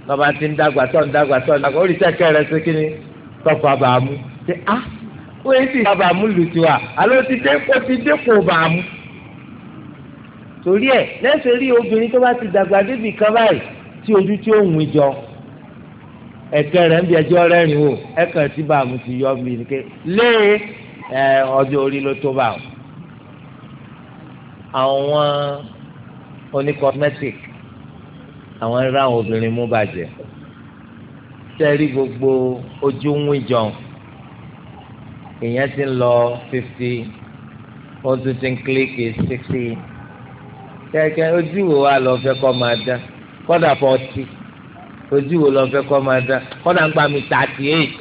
bàbá ti ń dàgbà tó ń dàgbà tó ń dàgbà ó rí sẹ́kẹ̀ rẹ sí kíni tọ́pọ̀ bàbá ṣe á ah, ó yẹ kí bàbá mú lù tiwa àló ti dé kó ti dé kó bàbá torí ẹ lẹ́sẹ̀ rí obìnrin tó bá ti dàgbà débi ẹ̀kẹ́ rẹ̀ ń bí ẹjọ́ rẹ́rìn wò ẹ̀kẹ́ tí bàmù ti yọ mí ni ké lé ọjọ́ orí ló tó bá àwọn oníkọ́mẹ́tìk àwọn ń ráwọn obìnrin mú bàjẹ́ tẹ́rí gbogbo ojú ń wí jọ èèyàn ti ń lọ fifty ó tún ti ń kílíkì sixty kẹ̀kẹ́ ojú wo wa lọ fẹ́ kọ́ máa dá kọ́dà forty ojú wo lọ́n fẹ́ kọ́ máa dán kọ́nà ń gbà mí thirty eight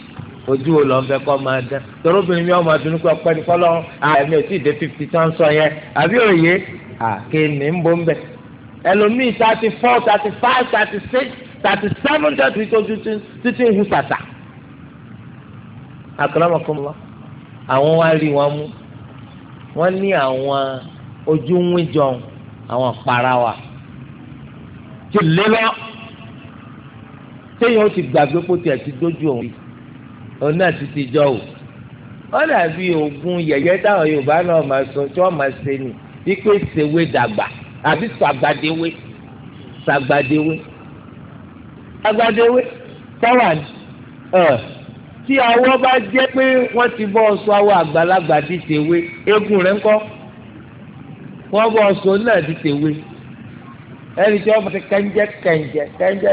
ojú wo lọ́n fẹ́ kọ́ máa dán torobìnrin mi ọmọ àdúnú pé ọpẹ́ ní kọ́lọ́ àmì ò tí ì dé fifty tán sọ yẹn àbí òye àkéèmí ń bọ́ ń bẹ̀ ẹlòmíì thirty four thirty five thirty six thirty seven thirty tójú títí ń hu sàtà. àkàràmọ̀kọ́mọ́ àwọn wá rí wọn mú wọ́n ní àwọn ojú ń wíjọ àwọn àpárá wa tí ò lé lọ́wọ́ téèyàn ó ti gbàgbé kó tiẹ̀ ti dójú òun òun náà ti ti jọ o wọ́n dàbí oògùn yẹ̀yẹ́ táwọn Yorùbá náà máa sọ tí wọ́n máa ṣe ni wípé ṣèwé dàgbà àbí sàgbàdéwé sàgbàdéwé sàgbàdéwé táwa tí awọ bá jẹ́ pé wọ́n ti bọ́ ọsọ awọ àgbàlagbà di tèwe eégún rẹ̀ ńkọ́ wọ́n bọ́ ọsọ náà di tèwe ẹni tí wọ́n ti kẹ́ńjẹ́ kẹ́ńjẹ́ kẹ́ńjẹ́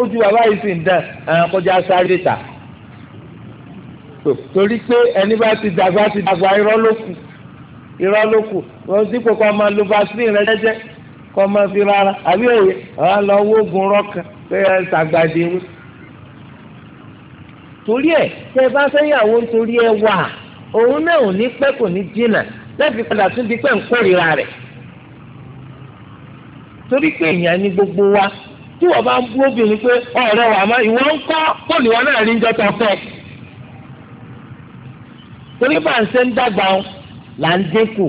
ojú bàbá yìí sì ń dán ẹ̀hán kọjá sáré ta torí pé ẹni bá ti dàgbà ti dàgbà irọ́ ló kù irọ́ ló kù wọ́n sì kó kọ́ ọmọ lo vaseline rẹ jẹ́jẹ́ kọ́ ọmọ fi rárá àbí òye ọ̀hán lọ wó oògùn rọ́ọ̀kan pé ẹ ṣàgbàdì irú torí ẹ̀ tẹ́ bá fẹ́ yàwó ẹ wà òun náà ò ní pẹ́ kò ní jìnnà lẹ́ẹ̀fi padà tún di pẹ́ ń kórìíra torí pé èèyàn ní gbogbo wa tí wọ́n bá ń bú obìnrin pé ọ̀rẹ́ wa máa ìwọ ń kọ́ pọ́ọ̀lù wọn náà rí ń jọ tọ́fẹ́. torí bá ń ṣe ń dàgbà ọ là ń dínkù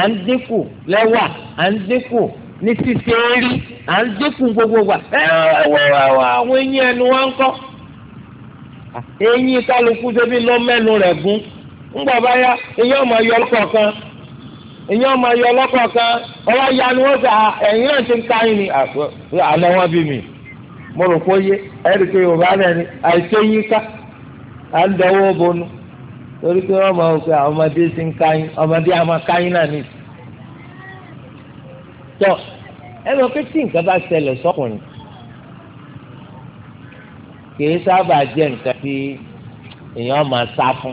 à ń dínkù lẹ́wà à ń dínkù ní ṣíṣe rí à ń dínkù gbogbo wa ẹ àwọn eyín ẹnu wa ń kọ́. eyín kálukú débi lọ mẹ́nu rẹ̀ gún ńgbà bá yá eyín ọmọ yọ ọkọ̀ kan ìyẹn ọmọ ayọ ọlọ́kọ̀ọ̀kan ọwọ́ ya ni wọ́n sà ah, ẹ̀yìn náà ti ń ka yín ni àná wọn bí mi mo rò pé yé ẹ̀rí pé yorùbá náà ni àìsè yín ká à ń dọwọ́ bonu torí pé wọ́n máa ń pè àwọn ọmọdé ti ń ka yín ọmọdé àmọ́ ká yín náà nìyí. tọ́ ẹ lọ pé tí nǹkan bá ṣẹlẹ̀ sọ́kùnrin kìí sábà jẹ́ nǹkan tí èèyàn máa sá fún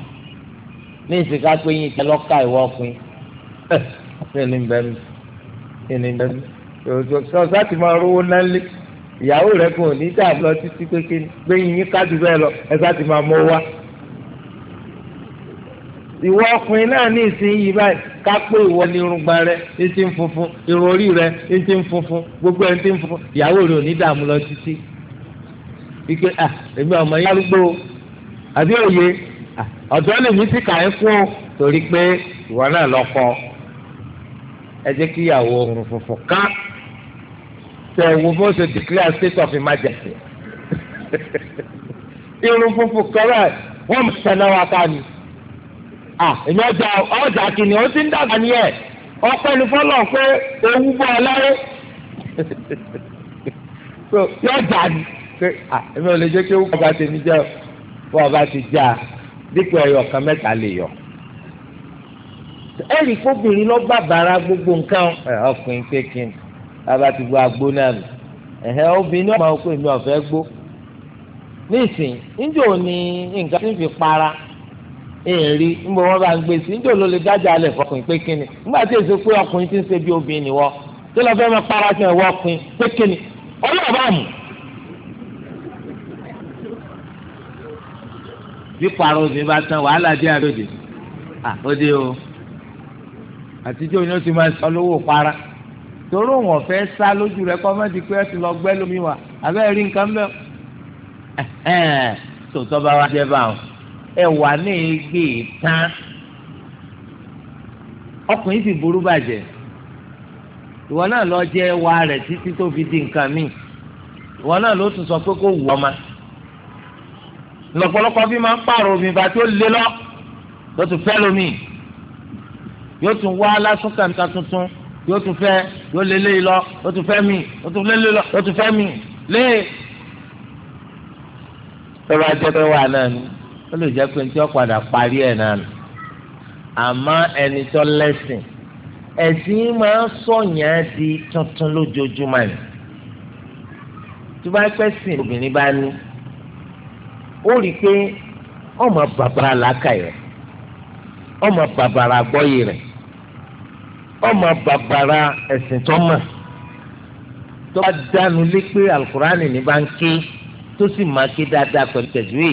ní ìsìnká pé yín ìtẹ́lọ́kà ìwọ́kùnrin kíni bẹ́ẹ̀ kíni bẹ́ẹ̀ yòòjò sọ́sá ti máa rówó nálé ìyàwó rẹ̀ kò ní dà lọ títí pé kíni gbẹ̀yìn yín kájú bẹ́ẹ̀ lọ ẹ̀sá ti máa mọ wá. ìwọ ọkùnrin náà ní ìsinyìí báyìí ká pé ìwọ ni irungba rẹ ní ti ń funfun irun orí rẹ ní ti ń funfun gbogbo ẹ̀ ní ti ń funfun ìyàwó rẹ̀ ò ní dààmú lọ títí. ike à èmi ọmọ yẹn arúgbó àbí òye ọ̀dọ́ lèmi ti kà é fún torí pé ìwọ náà lọ kọ́ ọ ẹ jẹ́ kí ìyàwó oorun funfun ká tẹ wo bó ṣe declare state of emergency irun funfun kọ́rẹ́ wọ́n mú sẹ́nẹ́ wa ká ni èmi ọjà ọjà kìíní ó ti ń dàgbà ní ẹ̀ ọpẹ́ ní fọlọ́ pé owó bọ́ ọ láyé yọ jà ni pé èmi ò lè jẹ́ kí owó bọ́ ti ní jẹ́ bọ́ ọba ti já dípò ẹyọ kan mẹ́ta lè yọ ẹ̀rí kóbìnrin lọ bá bàrà gbogbo nǹkan ọkùnrin kékin bàbá ti gbọ́ agbó náà nù ẹ̀hẹ́ obìnrin ọmọ ọkùnrin mi ọ̀fẹ́ gbó nísìn níjò ni nǹkan tí ń fi para èèrí níbo wọn bá ń gbé sí níjò ló lè dájà alẹ̀ fọkùnrin pékin ni nígbà tí èso pé ọkùnrin ti ń ṣe bí obìnrin ni wọ́n lọ fẹ́ máa para sí ẹ̀wọ́ ọkùnrin pékin ni ọlọ́ọ̀bá mú. bí pàrọ̀ òsì bá tán wàhálà dé àdóde àdóde o àtijọ́ ni ó ti máa sọ lówó para torí òun ọ̀fẹ́ sá lójú rẹ kọ́ mọ́tì pé ẹ ti lọ gbẹ́ lómi wà abẹ́ rí nǹkan mẹ́ tòótọ́ bá wá jẹ́ báwọn ẹ wà ní gbé tán ọkùnrin sì burú bàjẹ́ ìwọ náà lọ jẹ́ wa rẹ̀ títí tó fi di nǹkan míì ìwọ náà ló tún sọ pé kó wù ọmọ lọ́pọ̀lọpọ̀ bí máa ń pààrọ̀ omi bá tó lé lọ ló fẹ́ lómi yóò tún wá lásán kàǹkà tuntun yóò tún fẹ́ yóò lé lé lọ yóò tún fẹ́ mi yóò tún lé lé lọ yóò tún fẹ́ mi lé. tọ́ba jẹ́ pé wà náà ni ó lè jẹ́ pé ní tí wọ́n padà parí ẹ̀ náà nù àmọ́ ẹni tó lẹ́sìn ẹ̀sìn máa ń sọ̀yàn di tuntun lójoojúmọ́ ni tó bá pẹ́ sìn obìnrin bá ní ó rí i pé ọmọ bàbàrà làákàyè ọmọ bàbàrà gbọ́yè rẹ̀ ọmọ bàbàrà ẹ̀sìn tó mọ̀ tó bá dánu lé pé alukurani ní bá ń ké tó sì máa ké dáadáa pẹ̀lú tẹ̀síwì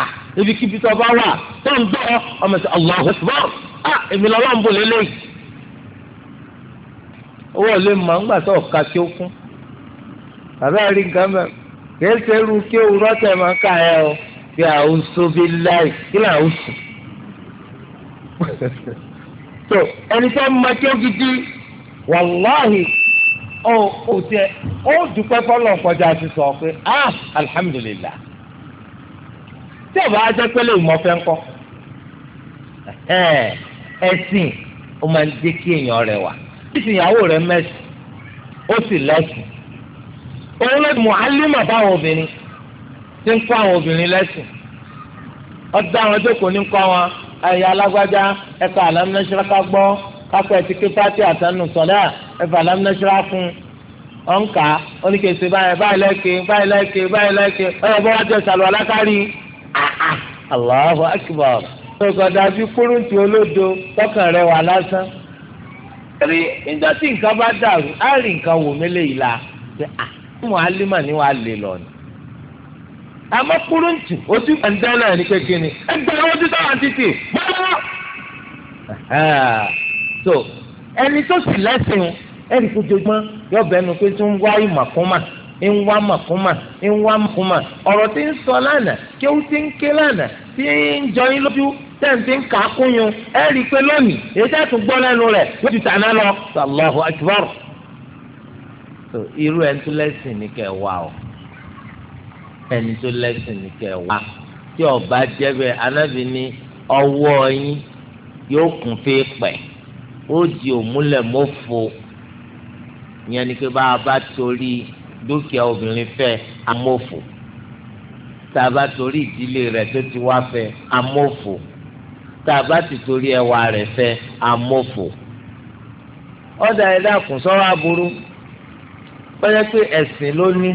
ah ibi kíbi tó bá wà tó ń dọ́ ọmọ sí Allahu Akbar ah èmi lọ́wọ́ ń bò lélẹ́yìí owó ò lè mọ̀ ńgbà tó ọ̀ka kí ó kún bàbá rí nǹkan mẹ́ kìí ṣe irú kí ó rọ́tẹ̀ máa ká ẹ o bí àwọn sobi láì kí làwọn sùn tó ẹni tó ń mọtí ó gidi wàláhì ó ó tiẹ̀ ó dúpẹ́ fọlọ́ kọjá sísọ pé ah alihamudulilayi tí ọba ajẹpẹlẹ ìmọfẹ ńkọ́ ẹ̀sìn ó máa ń jẹ kí èèyàn rẹwà ìsìnyàwó rẹ mẹsì ó sì lẹ́sìn òun lọ mùálímà báwọn obìnrin ti ń kọ́ àwọn obìnrin lẹ́sìn ọdọ àwọn jókòó ní kọ́ wọn ẹ̀yà alágbájá ẹ̀ka àlámúnáṣẹ́rá ká gbọ́ kápẹ́ ti ké pátí àtànù sọ̀dá ẹ̀fà àlámúnáṣẹ́rá fún ọ̀nkà oníkèsè báyìí báyìí lẹ́kẹ̀ báyìí lẹ́kẹ̀ báyìí lẹ́kẹ̀ ọ̀yọ̀ bọ́ wájú ẹ̀sà lọ alákárí. Allahu akbar ọ̀gá dàbí kúrúntì olódo tọkàn rẹ wà lásán. rí ìjọ tí nǹkan bá dàrú á rí nǹkan wò mí léyìí la ṣe àmọ́ ah, alímọ̀ ni wàá lè lọ ni àmọ́ kúrúǹtì ojú ẹ̀ńdá náà ní kékeré ni ẹgbẹ́ wọn ti sáwọn títì bọ́lá. so ẹni tó sì lẹ́sìn ẹni tó jogbọ́n yọ̀bẹ̀ ẹnu pé tó ń wá ìmọ̀kúnmà ń wá mọ̀kúnmà ń wá mọ̀kúnmà ọ̀rọ̀ tí ń sọ lánàá kí ó ti ń ké lánàá tí ń jọ yín lójú tẹ̀sí ń kà á kúnyun ẹ rí i pé lónìí èyí tẹ́ tún gbọ́ lẹ́nu rẹ̀ ó ti tàná lọ. Allahu akbar. so irú ẹ̀ ń tún lẹ́sìn ní kẹ́ o ẹni tó lẹ́sìn ní kẹ́ wá tí ọba jẹ́bẹ̀ anábì ní ọwọ́ yín yóò kún fún pẹ̀ ó di òmúlẹ̀ mọ́fò ìyẹn ni pé bá a bá torí dúkìá obìnrin fẹ́ amófò tá a bá torí ìdílé rẹ̀ tó ti wá fẹ́ amófò tá a bá ti torí ẹwà rẹ̀ fẹ́ amófò ọ̀dà ẹ̀dá kùn sọ́wọ́ aburú wọ́n ẹ̀sìn ló ní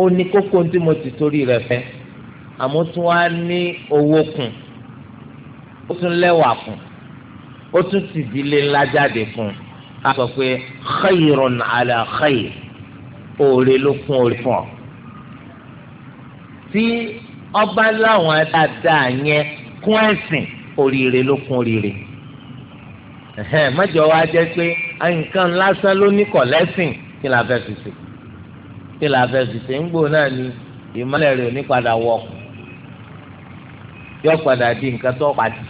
ó ní kókó tí mo ti torí rẹ̀ fẹ́ àmọ́ tún wá ní owó kùn ó tún lẹ́wà kùn ó tún ti dílé ńlá jáde kùn a sọ pé khayrun ala khayr òòrè ló kún òòrè fún ọ. tí ọba láwọn dáadáa yẹn kún ẹ̀sìn oríire ló kún oríire mọ́jọ wa jẹ́ pé nǹkan lásán ló ní kọ̀lẹ́sìn kí la fẹ́ fi ṣe kí la fẹ́ fìṣe ń gbò náà ni ìmọ̀lẹ̀ rẹ̀ ò ní padà wọ̀ yọ padà di nǹkan tó pàtì.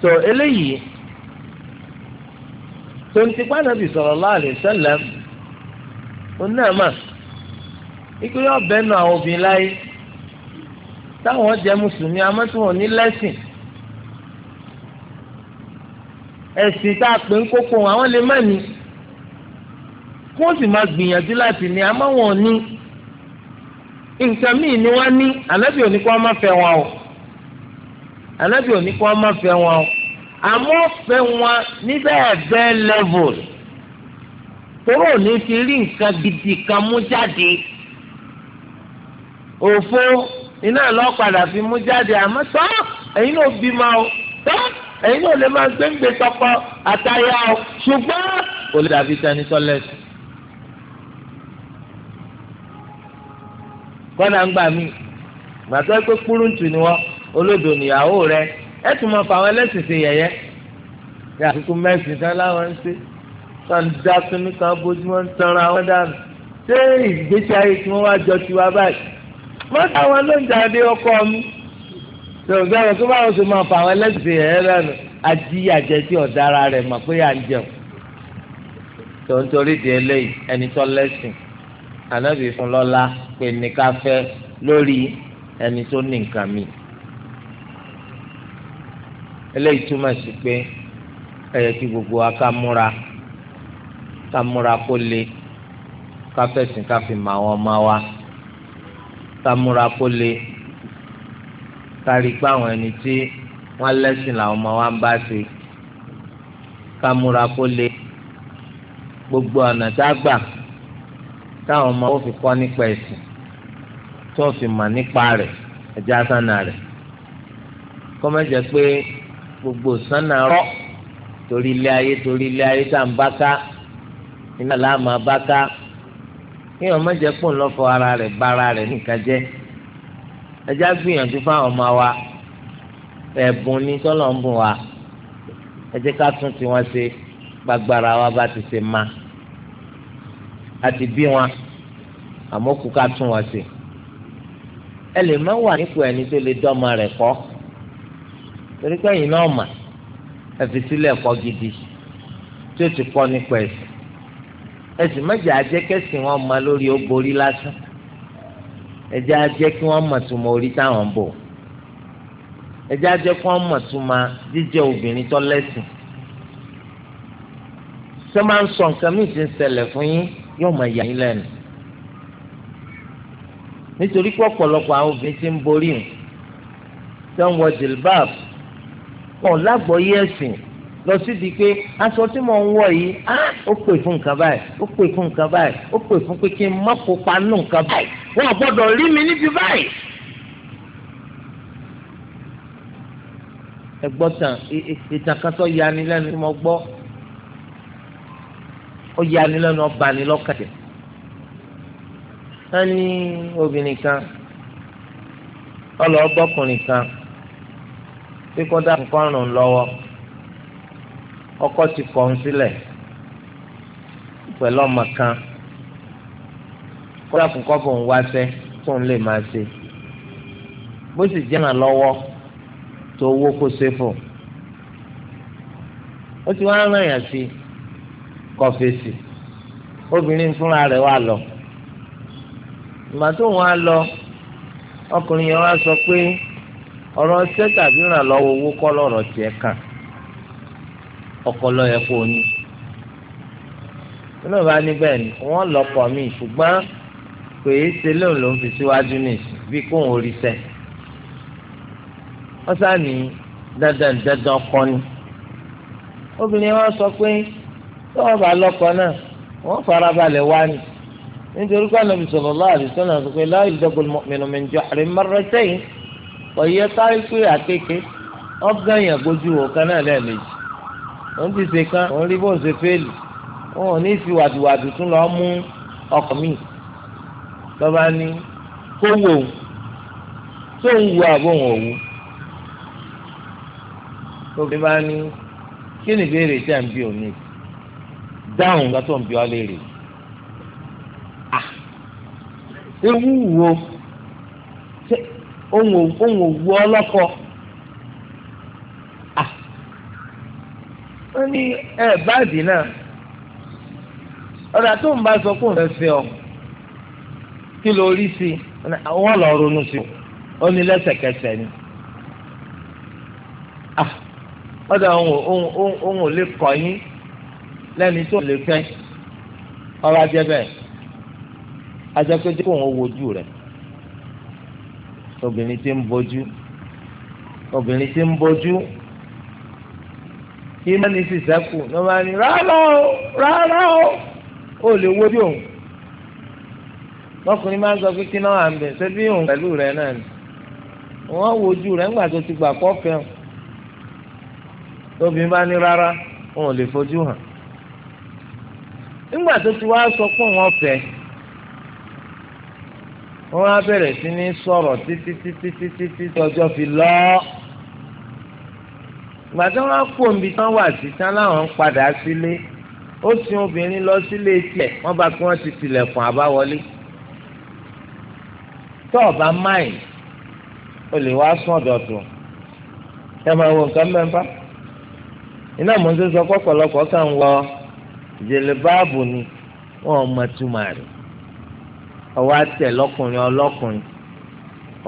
tó eléyìí tó ń tipa nàbì sallallahu alaihi wasallam òun náà mà ikú yọ nù àwọn obìnrin láyé táwọn jẹ́ mùsùlùmí amọ́tòwọ̀n ní lẹ́sìn ẹ̀sìn tá a pè ń kókó àwọn lè má ní. wọ́n sì máa gbìyànjú láti ní àmọ́ wọn ní nǹkan míì ni wọ́n ní ànábì òní kó wọ́n má o ànábì òní kó wọ́n má o level kúrò ní ti rí nǹkan gidi kan mú jáde òfo iná lọ́padà fi mú jáde àmọ́ tọ́ ẹ̀yin o tọ́ ẹ̀yin náà lè máa tọkọ o ṣùgbọ́n kọ́nà ń gbà mí gbàtọ́ pé kúrúǹtù ni wọ́n olódò nìyàwó rẹ ẹ tún máa fa àwọn ẹlẹ́sìn ṣe yẹ̀yẹ́ ní àkókò mẹ́sìn tán láwọn ń ṣe tán dá kínní kan bójúmọ́ ń tanra wọn dànù ṣé ìgbésí ayé tí wọ́n wá jọ tiwa báyìí má táwọn ló ń jáde ọkọ mi tòǹgbà wọn tó báwọn ṣe máa fa àwọn ẹlẹ́sìn ṣe yẹ̀yẹ́ lẹ́nu ajíyàjẹ tí ọ̀dára rẹ̀ mọ̀ pé à ń jẹun tòǹtorí di eléyìí ẹni tó lẹ́sìn ànábì fún lọ́lá pé nìkan fẹ́ lórí ẹni tó ní nǹkan mi. eléyìí túmọ̀ sí pé ẹ yẹ kí gbogbo wa ká múra ká múra kó le ká fẹ̀sìn ká fi mọ àwọn ọmọ wa ká múra kó le ká rí i pé àwọn ẹni tí wọ́n lẹ́sìn làwọn ọmọ wa ń bá ṣe ká múra kó le gbogbo ọ̀nà tá a gbà táwọn ọmọ ó fi kọ́ nípa ẹ̀sìn tí wọ́n fi mọ̀ nípa rẹ̀ ẹ̀jẹ̀ asánà rẹ̀ kọ́ má jẹ́ pé gbogbo sánà rọ́ torí ilé ayé torí ilé ayé tá à ń bá ká iná láàmú abá ká kí ọmọ jẹ́ pò ń lọ́fọ̀ ara rẹ̀ bá ara rẹ̀ nìkan jẹ́ ẹjá gbìyànjú fáwọn ọmọ wa ẹ̀bùn ní tọ́lọ̀ ń bùn wa ẹ ká tún tiwọn ṣe gbàgbára wa bá ti ṣe máa àti bí wọn àmọ́ kú ká tún wọn sí ẹ lè má wà nípò ẹni tó lè dọ́mọ rẹ̀ kọ́ torí pé ẹ̀yin náà mà ẹ fi sílẹ̀ kọ́ gidi tí ó ti kọ́ nípa ẹ̀sìn ẹ̀sìn mẹ́jọ ajẹ́kẹ́sìn wọn mọ lórí ó lásán ẹ̀jẹ̀ ajẹ́ kí wọ́n mọ̀ tún mọ orí táwọn ń bọ̀ ẹ̀jẹ̀ ajẹ́ kí wọ́n mọ̀ tún ma jíjẹ́ obìnrin tó lẹ́sìn tó máa ń sọ nǹkan míì ti ń ṣẹlẹ̀ fún yín yóò máa yà yín lẹ́nu nítorí pé ọ̀pọ̀lọpọ̀ àwọn obìnrin ti ń borí hùn tí wọ́n wọ jìlbáàb wọn lágbọ̀ọ́yé ẹ̀sìn lọ síbi pé aṣọ tí mò ń wọ̀ yìí á ó pè fún nǹkan báyìí ó pè fún nǹkan báyìí ó pè fún pé kí n má kópa nù nǹkan báyìí wọn ò gbọ́dọ̀ rí mi níbi báyìí. ẹ gbọ́ tán ìtàn kan tó yani tí mo gbọ́ ó yà ni lẹ́nu ọba ni lọ́kàn jẹ́ wọ́n ní obìnrin kan ọlọ́ọ̀bọ́kùnrin kan pé kó dá nǹkan rùn lọ́wọ́ ọkọ ti kọ̀ ń sílẹ̀ pẹ̀lú ọmọ kan kó dá nǹkan bò ń wáṣẹ́ tó ń lè máa ṣe bó sì jẹ́ ràn lọ́wọ́ tó owó kó ṣe fò ó ti wá ràn yàn sí i. kọfẹsì obìnrin fúnra rẹ̀ wà lọ ìgbà tó wọn á lọ ọkùnrin yẹn wá sọ pé ọ̀rọ̀ ṣẹ́ tàbí ìrànlọ́wọ́ owó kọ́ lọ́rọ̀ tiẹ̀ kàn ọpọlọ yẹ kó o ní nínú ìbá níbẹ̀ ni wọ́n lọ́kọ̀ mi ṣùgbọ́n pé ṣe lóun ló ń fi síwájú nìyí bí kóun orí sẹ́ wọ́n sá ní dandan dandan kọ́ ni obìnrin wọn sọ pé. tọ́wọ́ bá lọ́kọ náà wọ́n farabalẹ̀ wá ni nítorí pé Ànábì sallallahu alaihi wasallam sọ pé la yaldaghul mu'minu min juhrin marratayn ọ̀yẹ́ kárí pé àkékè ọ̀gán yẹn gbójú ọ̀kan náà lẹ́ẹ̀mejì òun ti ṣe kan òun rí bó ṣe fẹ́ẹ̀lì òun ò ní fi wàdùwàdù tún lọ́ọ́ mú ọkọ̀ mi lọ́ba ní kó wò ó tó ń wo àbóhùn òwú obìnrin bá kí dáhùn nǹkan ń bí ọ léèrè ewu ah, wo ohun òwú ọlọ́kọ ah, ó ní ẹ báàdì náà ọ̀dà tó ń bá sọ fún ọ kí ló rí sí wọ́n lọ ronú sí ó ní lẹ́sẹ̀kẹsẹ̀ ni ah, ọ̀dà ohun ò lẹ́ni tó lè fẹ́ ọ̀rọ̀ ajẹ́ bẹ́ẹ̀ ajẹ́ pé dípò òun wojú rẹ̀ obìnrin tí ń bójú obìnrin tí ń bójú ìmọ̀ni sì sẹ́kù ló máa ní rárá o rárá o ó lè wojú òun lọkùnrin máa ń sọ pé kí náà à ń bẹ̀ ṣé bí òun pẹ̀lú rẹ̀ náà ni wọ́n wojú rẹ̀ ńgbà tó ti gbà kọ́ fẹ́ràn obìnrin bá ní rárá òun ò lè fojú hàn nígbà tó ti wá sọ pé wọ́n fẹ́ wọ́n á bẹ̀rẹ̀ sí ní sọ̀rọ̀ títí títí títí títí ọjọ́ fi lọ. ìgbà tí wọ́n á kó omi tán wà sí tán láwọn ń padà sílé ó sin obìnrin lọ sílé tiẹ̀ wọ́n bá kí wọ́n ti tilẹ̀kùn àbáwọlé. tó o bá máì o lè wá sún ọ̀dọ̀ tó ẹ máa wo nǹkan mẹ́fà iná mọ̀ ń sọ pé ọ̀pọ̀lọpọ̀ kan wọ jìlìbáàbù ni wọn mọ túmọ̀ rẹ̀ ọwọ́ àtẹ lọ́kùnrin ọlọ́kùnrin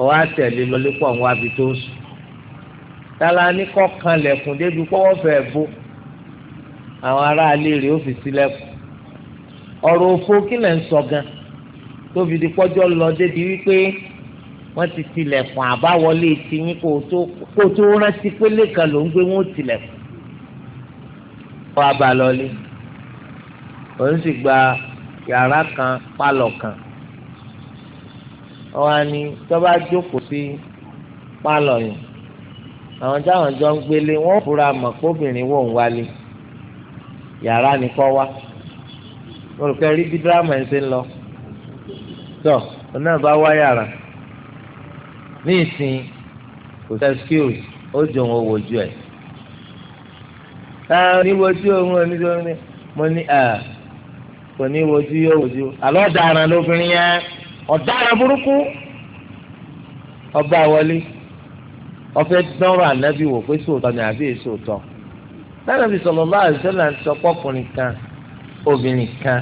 ọwọ́ àtẹ lílọ́lẹ́pọ̀ àwọn abi tó sùn tala ni kọ́kan lẹ̀kùn débi kọ́wọ́ fẹ́ bó àwọn aráalé rẹ̀ ó fi sílẹ̀kùn ọ̀rọ̀ òfo kí lẹ̀ ń sọ gan tóbi di pọ́jọ́ lọ débi wípé wọ́n ti tilẹ̀kùn àbáwọlé tiyín kó tó rántí pélé kan ló ń gbé wọn ó tilẹ̀kùn. wọ́n á bá lọ lé òun sì gba yàrá kan pálọ̀ kan wọ́n á ní tó bá jókòó sí pálọ̀ yìí àwọn táwọn jọ ń gbélé wọ́n fura mọ̀ kóbìnrin wò ń wálé yàrá ni kọ́ wá olùkọ́ rí bí dírámà ẹ̀ ṣe ń lọ tó òun náà bá wá yàrá ní ìsìn kò sẹ́ skills ó jòun owó ju ẹ̀ táwọn oníwojú òun oníṣòwò ni mo ní kò ní wojú yóò wojú àlọ́ ọ̀daràn lóbìnrin yẹn ọ̀daràn burúkú ọba wọlé ọfẹ dánwó ànábì wò pé sòótọ́ ni àbí èsòótọ́ lánàbì sọlọ bá àṣẹlẹ àtọkọ ọkùnrin kan obìnrin kan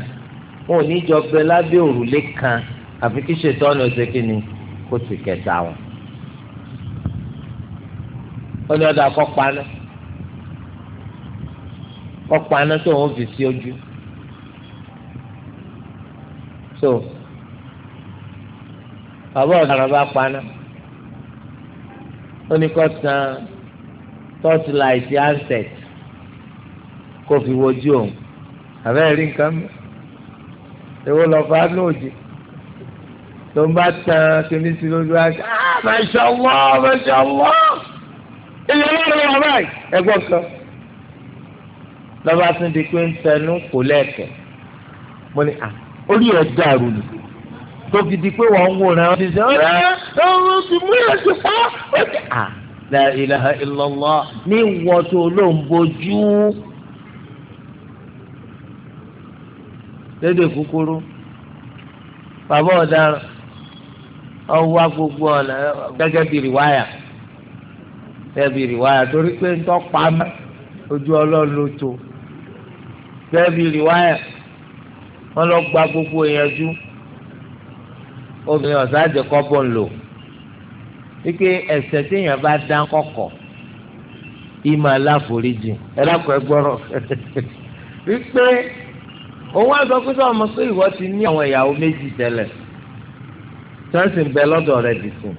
wọn ò ní jọ bẹ lábẹ́ òrùlé kan àfi kí ṣètò ọ̀nà ọ̀sẹ̀ kìíní kó ti kẹta wọn. ó ní ọ̀dà kọ́ paná kọ́ paná tó ń fi sí ojú mọ́tò bàbá ọ̀daràn bá paná ó ní kó san tọ́ọ̀tì láìsí ansẹ̀t kó fi wojú òun àbẹ́rẹ́ rí nǹkan mọ́ èwo lọ́ba lóòjì tó ń bá tan kíní sí lójú àti àmàṣọwọ́ àmàṣọwọ́ ilé lọ́rọ̀ yàrá ẹ̀gbọ́n kan lọ́ba tún di pé ń tẹnu kò lẹ́ẹ̀kẹ́ mo ní à ah, orí ẹ̀ dàrú ni tó fi di pé wọ́n ń wòran ọ́n ti sẹ́ ọ́n ọ́n ti mú ẹ̀ sí pa ó ti à la ilaha illallah ní wọ́n tó ló ń bojú lédè kúkúrú bàbá ọ̀daràn ọwọ́ gbogbo ọ̀nà gẹ́gẹ́ bí rìwáyà gẹ́gẹ́ bí rìwáyà torí pé ń tọ́ pa ojú ọlọ́run ló tó gẹ́gẹ́ bí rìwáyà wọ́n lọ gba gbogbo ìyànjú obìnrin ọ̀sáàjẹ kọ́bọ̀ ń lò wípé ẹ̀ṣẹ̀ téèyàn bá dá kọ̀kọ̀ ìmọ̀ aláforíjì ẹ̀dàkọ̀ ẹgbọ́rọ̀ wípé òun á sọ pé sọ ọmọ pé ìwọ ti ní àwọn ìyàwó méjì tẹ́lẹ̀ tẹ́sí bẹ lọ́dọ̀ rẹ̀ dìsùn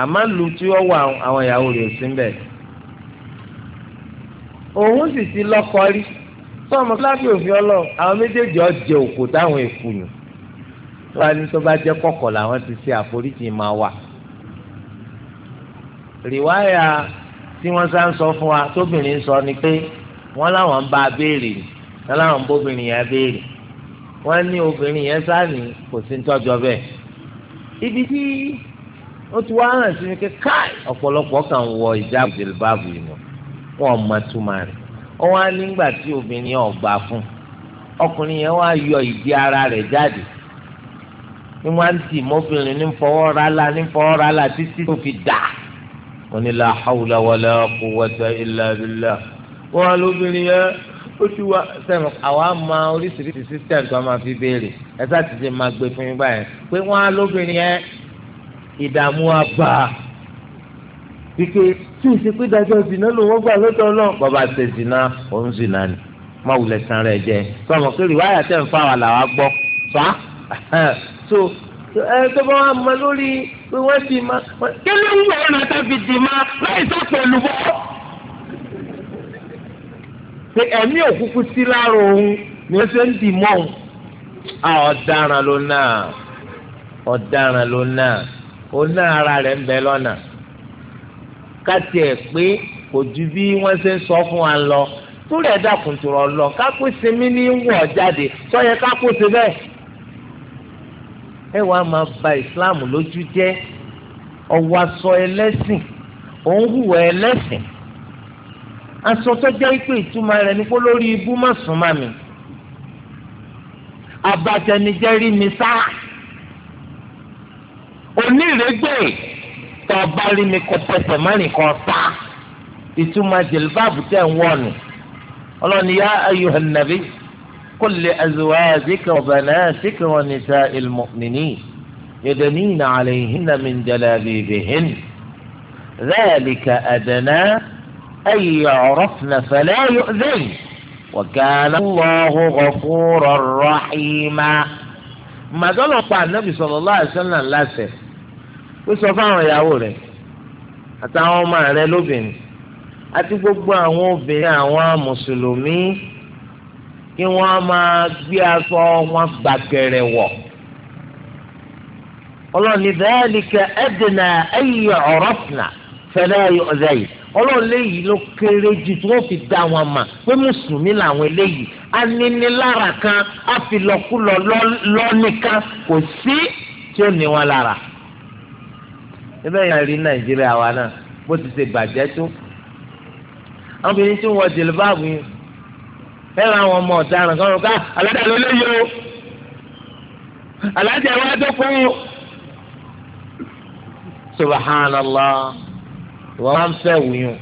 àmọ́ lu tí ó wà àwọn ìyàwó rẹ̀ sí ń òun sì ti lọ́kọ rí tó ọmọ kíláàsì òfin ọlọ àwọn méjèèjì ọjẹ òkò táwọn èkú yìí wọ́n á ní tó bá jẹ́ kọ̀kọ̀ làwọn ti ṣe àforíjì máa wà. rìwáyà tí wọ́n sá ń sọ fún wa tóbìnrin ń sọ ni pé wọ́n láwọn ń bá a béèrè wọ́n láwọn ń bóbìnrin yẹn béèrè wọ́n ní obìnrin yẹn sáàní kò sí ń tọ́jọ́ bẹ́ẹ̀. ibi tí ó ti wá hàn sí ni pé káì ọ̀pọ̀lọpọ̀ kan wọ ìjáàbù ìdìbò báàbù yìí wọn ò mọ túmọ̀ rẹ̀ ó wá nígbà tí obìnrin yẹn ọgbà fún ọkùnrin yẹn wá yọ ìdí ara rẹ̀ jáde ní wọn ti mọbìnrin ní fọwọ́ rálá ní fọwọ́ rálá títí tó fi dà onílà hawla wala quwwata illa billah wọn lóbìnrin yẹn ó ti wá sẹ́mi àwa máa oríṣiríṣi system tó máa fi béèrè ẹ sáà ti ṣe máa gbé fún yín báyẹn pé wọn lóbìnrin yẹn ìdààmú àgbà wípé tí ìsìnkú ìdájọ́ zina ló wọ́n gbà lọ́dọ̀ náà bàbá ṣe zina òun zina ni má wulẹ̀ san rẹ̀ jẹ sọmọ pé rìwáyà tẹ̀ ń fa wà làwa gbọ́ fa so ẹ tó bá wà mọ lórí pé wọ́n ti ma kí ló ń wọ̀ ọ́nà tó fi dì ma láì sọ pẹ̀lú bọ́. pé ẹ̀mí òkúkú sí lára òun ni wọ́n ṣe ń dì mọ́ òun. a ọ̀daràn ló náà ọ̀daràn ló náà ó náà ara rẹ̀ ń bẹ lọ́nà káti ẹ̀ pé kò ju bí wọ́n ṣe ń sọ fún wa lọ túrẹ̀ ẹ̀dá kùntùrọ̀ lọ kápò sinmi ní wọ̀ jáde sọ́yẹ kápò sí bẹ́ẹ̀. ẹ wàá máa ba ìsìláàmù lójú jẹ́ ọwọ́ aṣọ ẹlẹ́sìn òun hùwà ẹlẹ́sìn aṣọ tó jẹ́ pé ìtumọ̀ rẹ̀ ní kó lórí ibú má sùn má mi abatẹnijẹ́ rí mi sá onírègbè. tọ́ bá rí mi kọ́ pẹ̀sẹ̀ márùn kan sá ìtumọ̀ jìlbáàbù tẹ̀ ń wọ̀nù ọlọ́ni yá ayò ayyuhan nabi qul li azwajika wa banatika wa nisa'il mu'minin yadnina 'alayhinna min jalabibihin dhalika adna an ya'rafna fala yu'dhin wa kana Allahu ghafuran rahima màdọ́lọ́pàá nàbì sallallahu alaihi wasallam láṣẹ. ó sọ fáwọn ìyàwó rẹ̀ àtàwọn ọmọ rẹ̀ lóbìnrin àti gbogbo àwọn obìnrin àwọn mùsùlùmí kí ma máa gbé aṣọ wọn gbàgẹ̀rẹ̀ wọ̀ ọlọ́run ní dhalika adna an yu'rafna fala yu'zayn ọlọ́run léyìí ló kéré jù tí wọ́n fi dá wọn mà pé mùsùlùmí làwọn eléyìí aninilára kan àfilọ́kúlọ́ lọ́nìkan kò sí tí ó ní wọn ebe yẹn rí nàìjíríà wa náà bó ti ṣe bàjẹ́ tó àwọn obìnrin tí ń wọ jìlìbáàbù yìí fẹ́ràn àwọn ọmọ ọ̀daràn kan ká ah, alájà ló lè yọ alájà wa dọ́kọ̀ subahánàlá wọ́n máa ń fẹ́ wuyùn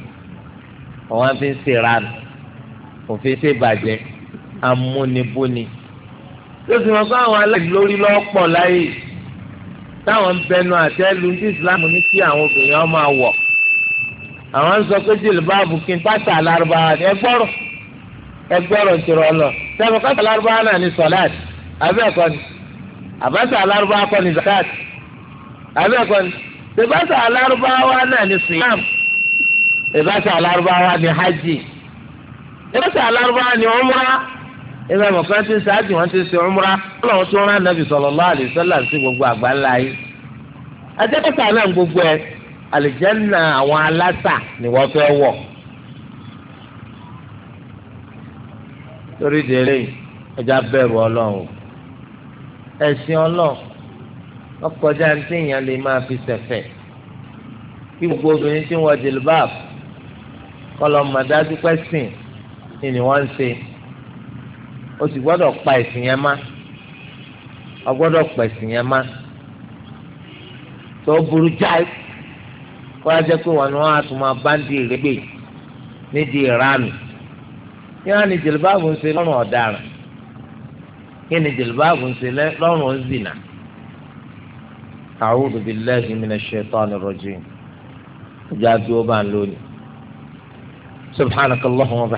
wọ́n fi ń ṣe ìranù òfin ṣe bàjẹ́ amúnibóni lóṣù kọ́ àwọn aláìlórí lọ́pọ̀ láyé táwọn ń bẹnu àtẹ́lu ní islam ní kí àwọn obìnrin ọmọ àwọ̀ àwọn ń sọ pé jìlìbáàbù kí n pàṣẹ ni ẹgbọ́rọ̀ ẹgbọ́rọ̀ ti rọ lọ sẹ́mi pàṣẹ alárúbáwá náà ni sọ̀láàtì abẹ́ ẹ̀kọ́ ni àbáṣà alárúbáwá kọ́ ni zakat abẹ́ ẹ̀kọ́ ni ìbáṣà alárúbáwá náà ni siyam ìbáṣà alárúbáwá ni hajj ìbáṣà alárúbáwá ni umrah ibà mọ̀kàn ti ṣáájú wọn ti ṣe ọmúra ọlọ́run tó rán nàbì sallallahu alaihi wasallam sí gbogbo àgbáńlá yìí. àtẹ́kọ̀tà náà gbogbo ẹ̀ àlìjẹ́nà àwọn aláṣà ni wọ́n fẹ́ wọ̀. torí dèrè ẹja bẹ̀rù ọlọ́run ẹ̀sìn ọlọ́run ọkọjá ní téèyàn lè máa fi ṣẹ̀fẹ̀ kí gbogbo obìnrin tí wọ́n jìlbáàbù kọlọ́ mọ̀dájú pẹ́sìn ni wọ́n ń ṣe. o sì gbọ́dọ̀ pa ẹ̀sìn yẹn má o gbọ́dọ̀ pa ẹ̀sìn yẹn má tó burú jáì kó a jẹ́ pé wọn ni wọ́n á tún máa báńdì ìranù kí wọ́n ń ṣe lọ́rùn ọ̀daràn kí ni jìlbáàbù ń ṣe lọ́rùn ọ̀zìnà. A'udhu billahi minash shaitani rajim. ìjà dúró bá ń lónìí. wa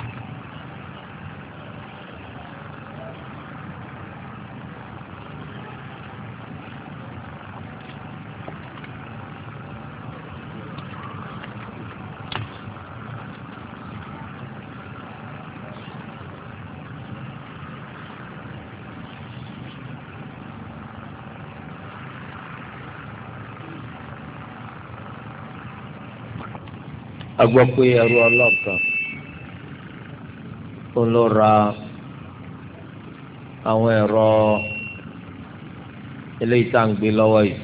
a gbọ́ pé ẹrú ọlọ́ọ̀kan ó ló ra àwọn ẹ̀rọ eléyìí tá à ń gbé lọ́wọ́ yìí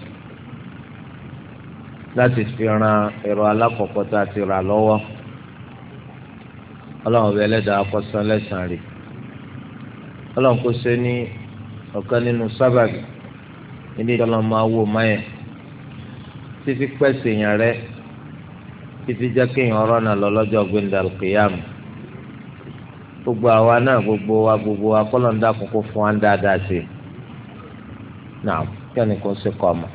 láti fi ran ẹ̀rọ alákọ̀ọ́kọ́ tá a ti rà lọ́wọ́ ọlọ́run ọbẹ̀ ẹlẹ́dàá akọ́sán lẹ́sàn-án rè ọlọ́run kò ṣe ní ọ̀kan nínú sábàbí ilé ìjọba máa wò máyẹ̀ títí pẹ́sẹ̀ yàn rẹ̀ títí jẹ́ kéèyàn ọ̀rọ̀ náà lọ lọ́jọ́ gbẹ̀ndàlù kìyàmù gbogbo àwa náà gbogbo wa gbogbo wa kọ́lọ̀ ń dákun kó fún wa ń dáadáa sí i náà kí ẹnì ṣe kọ́ ọmọ.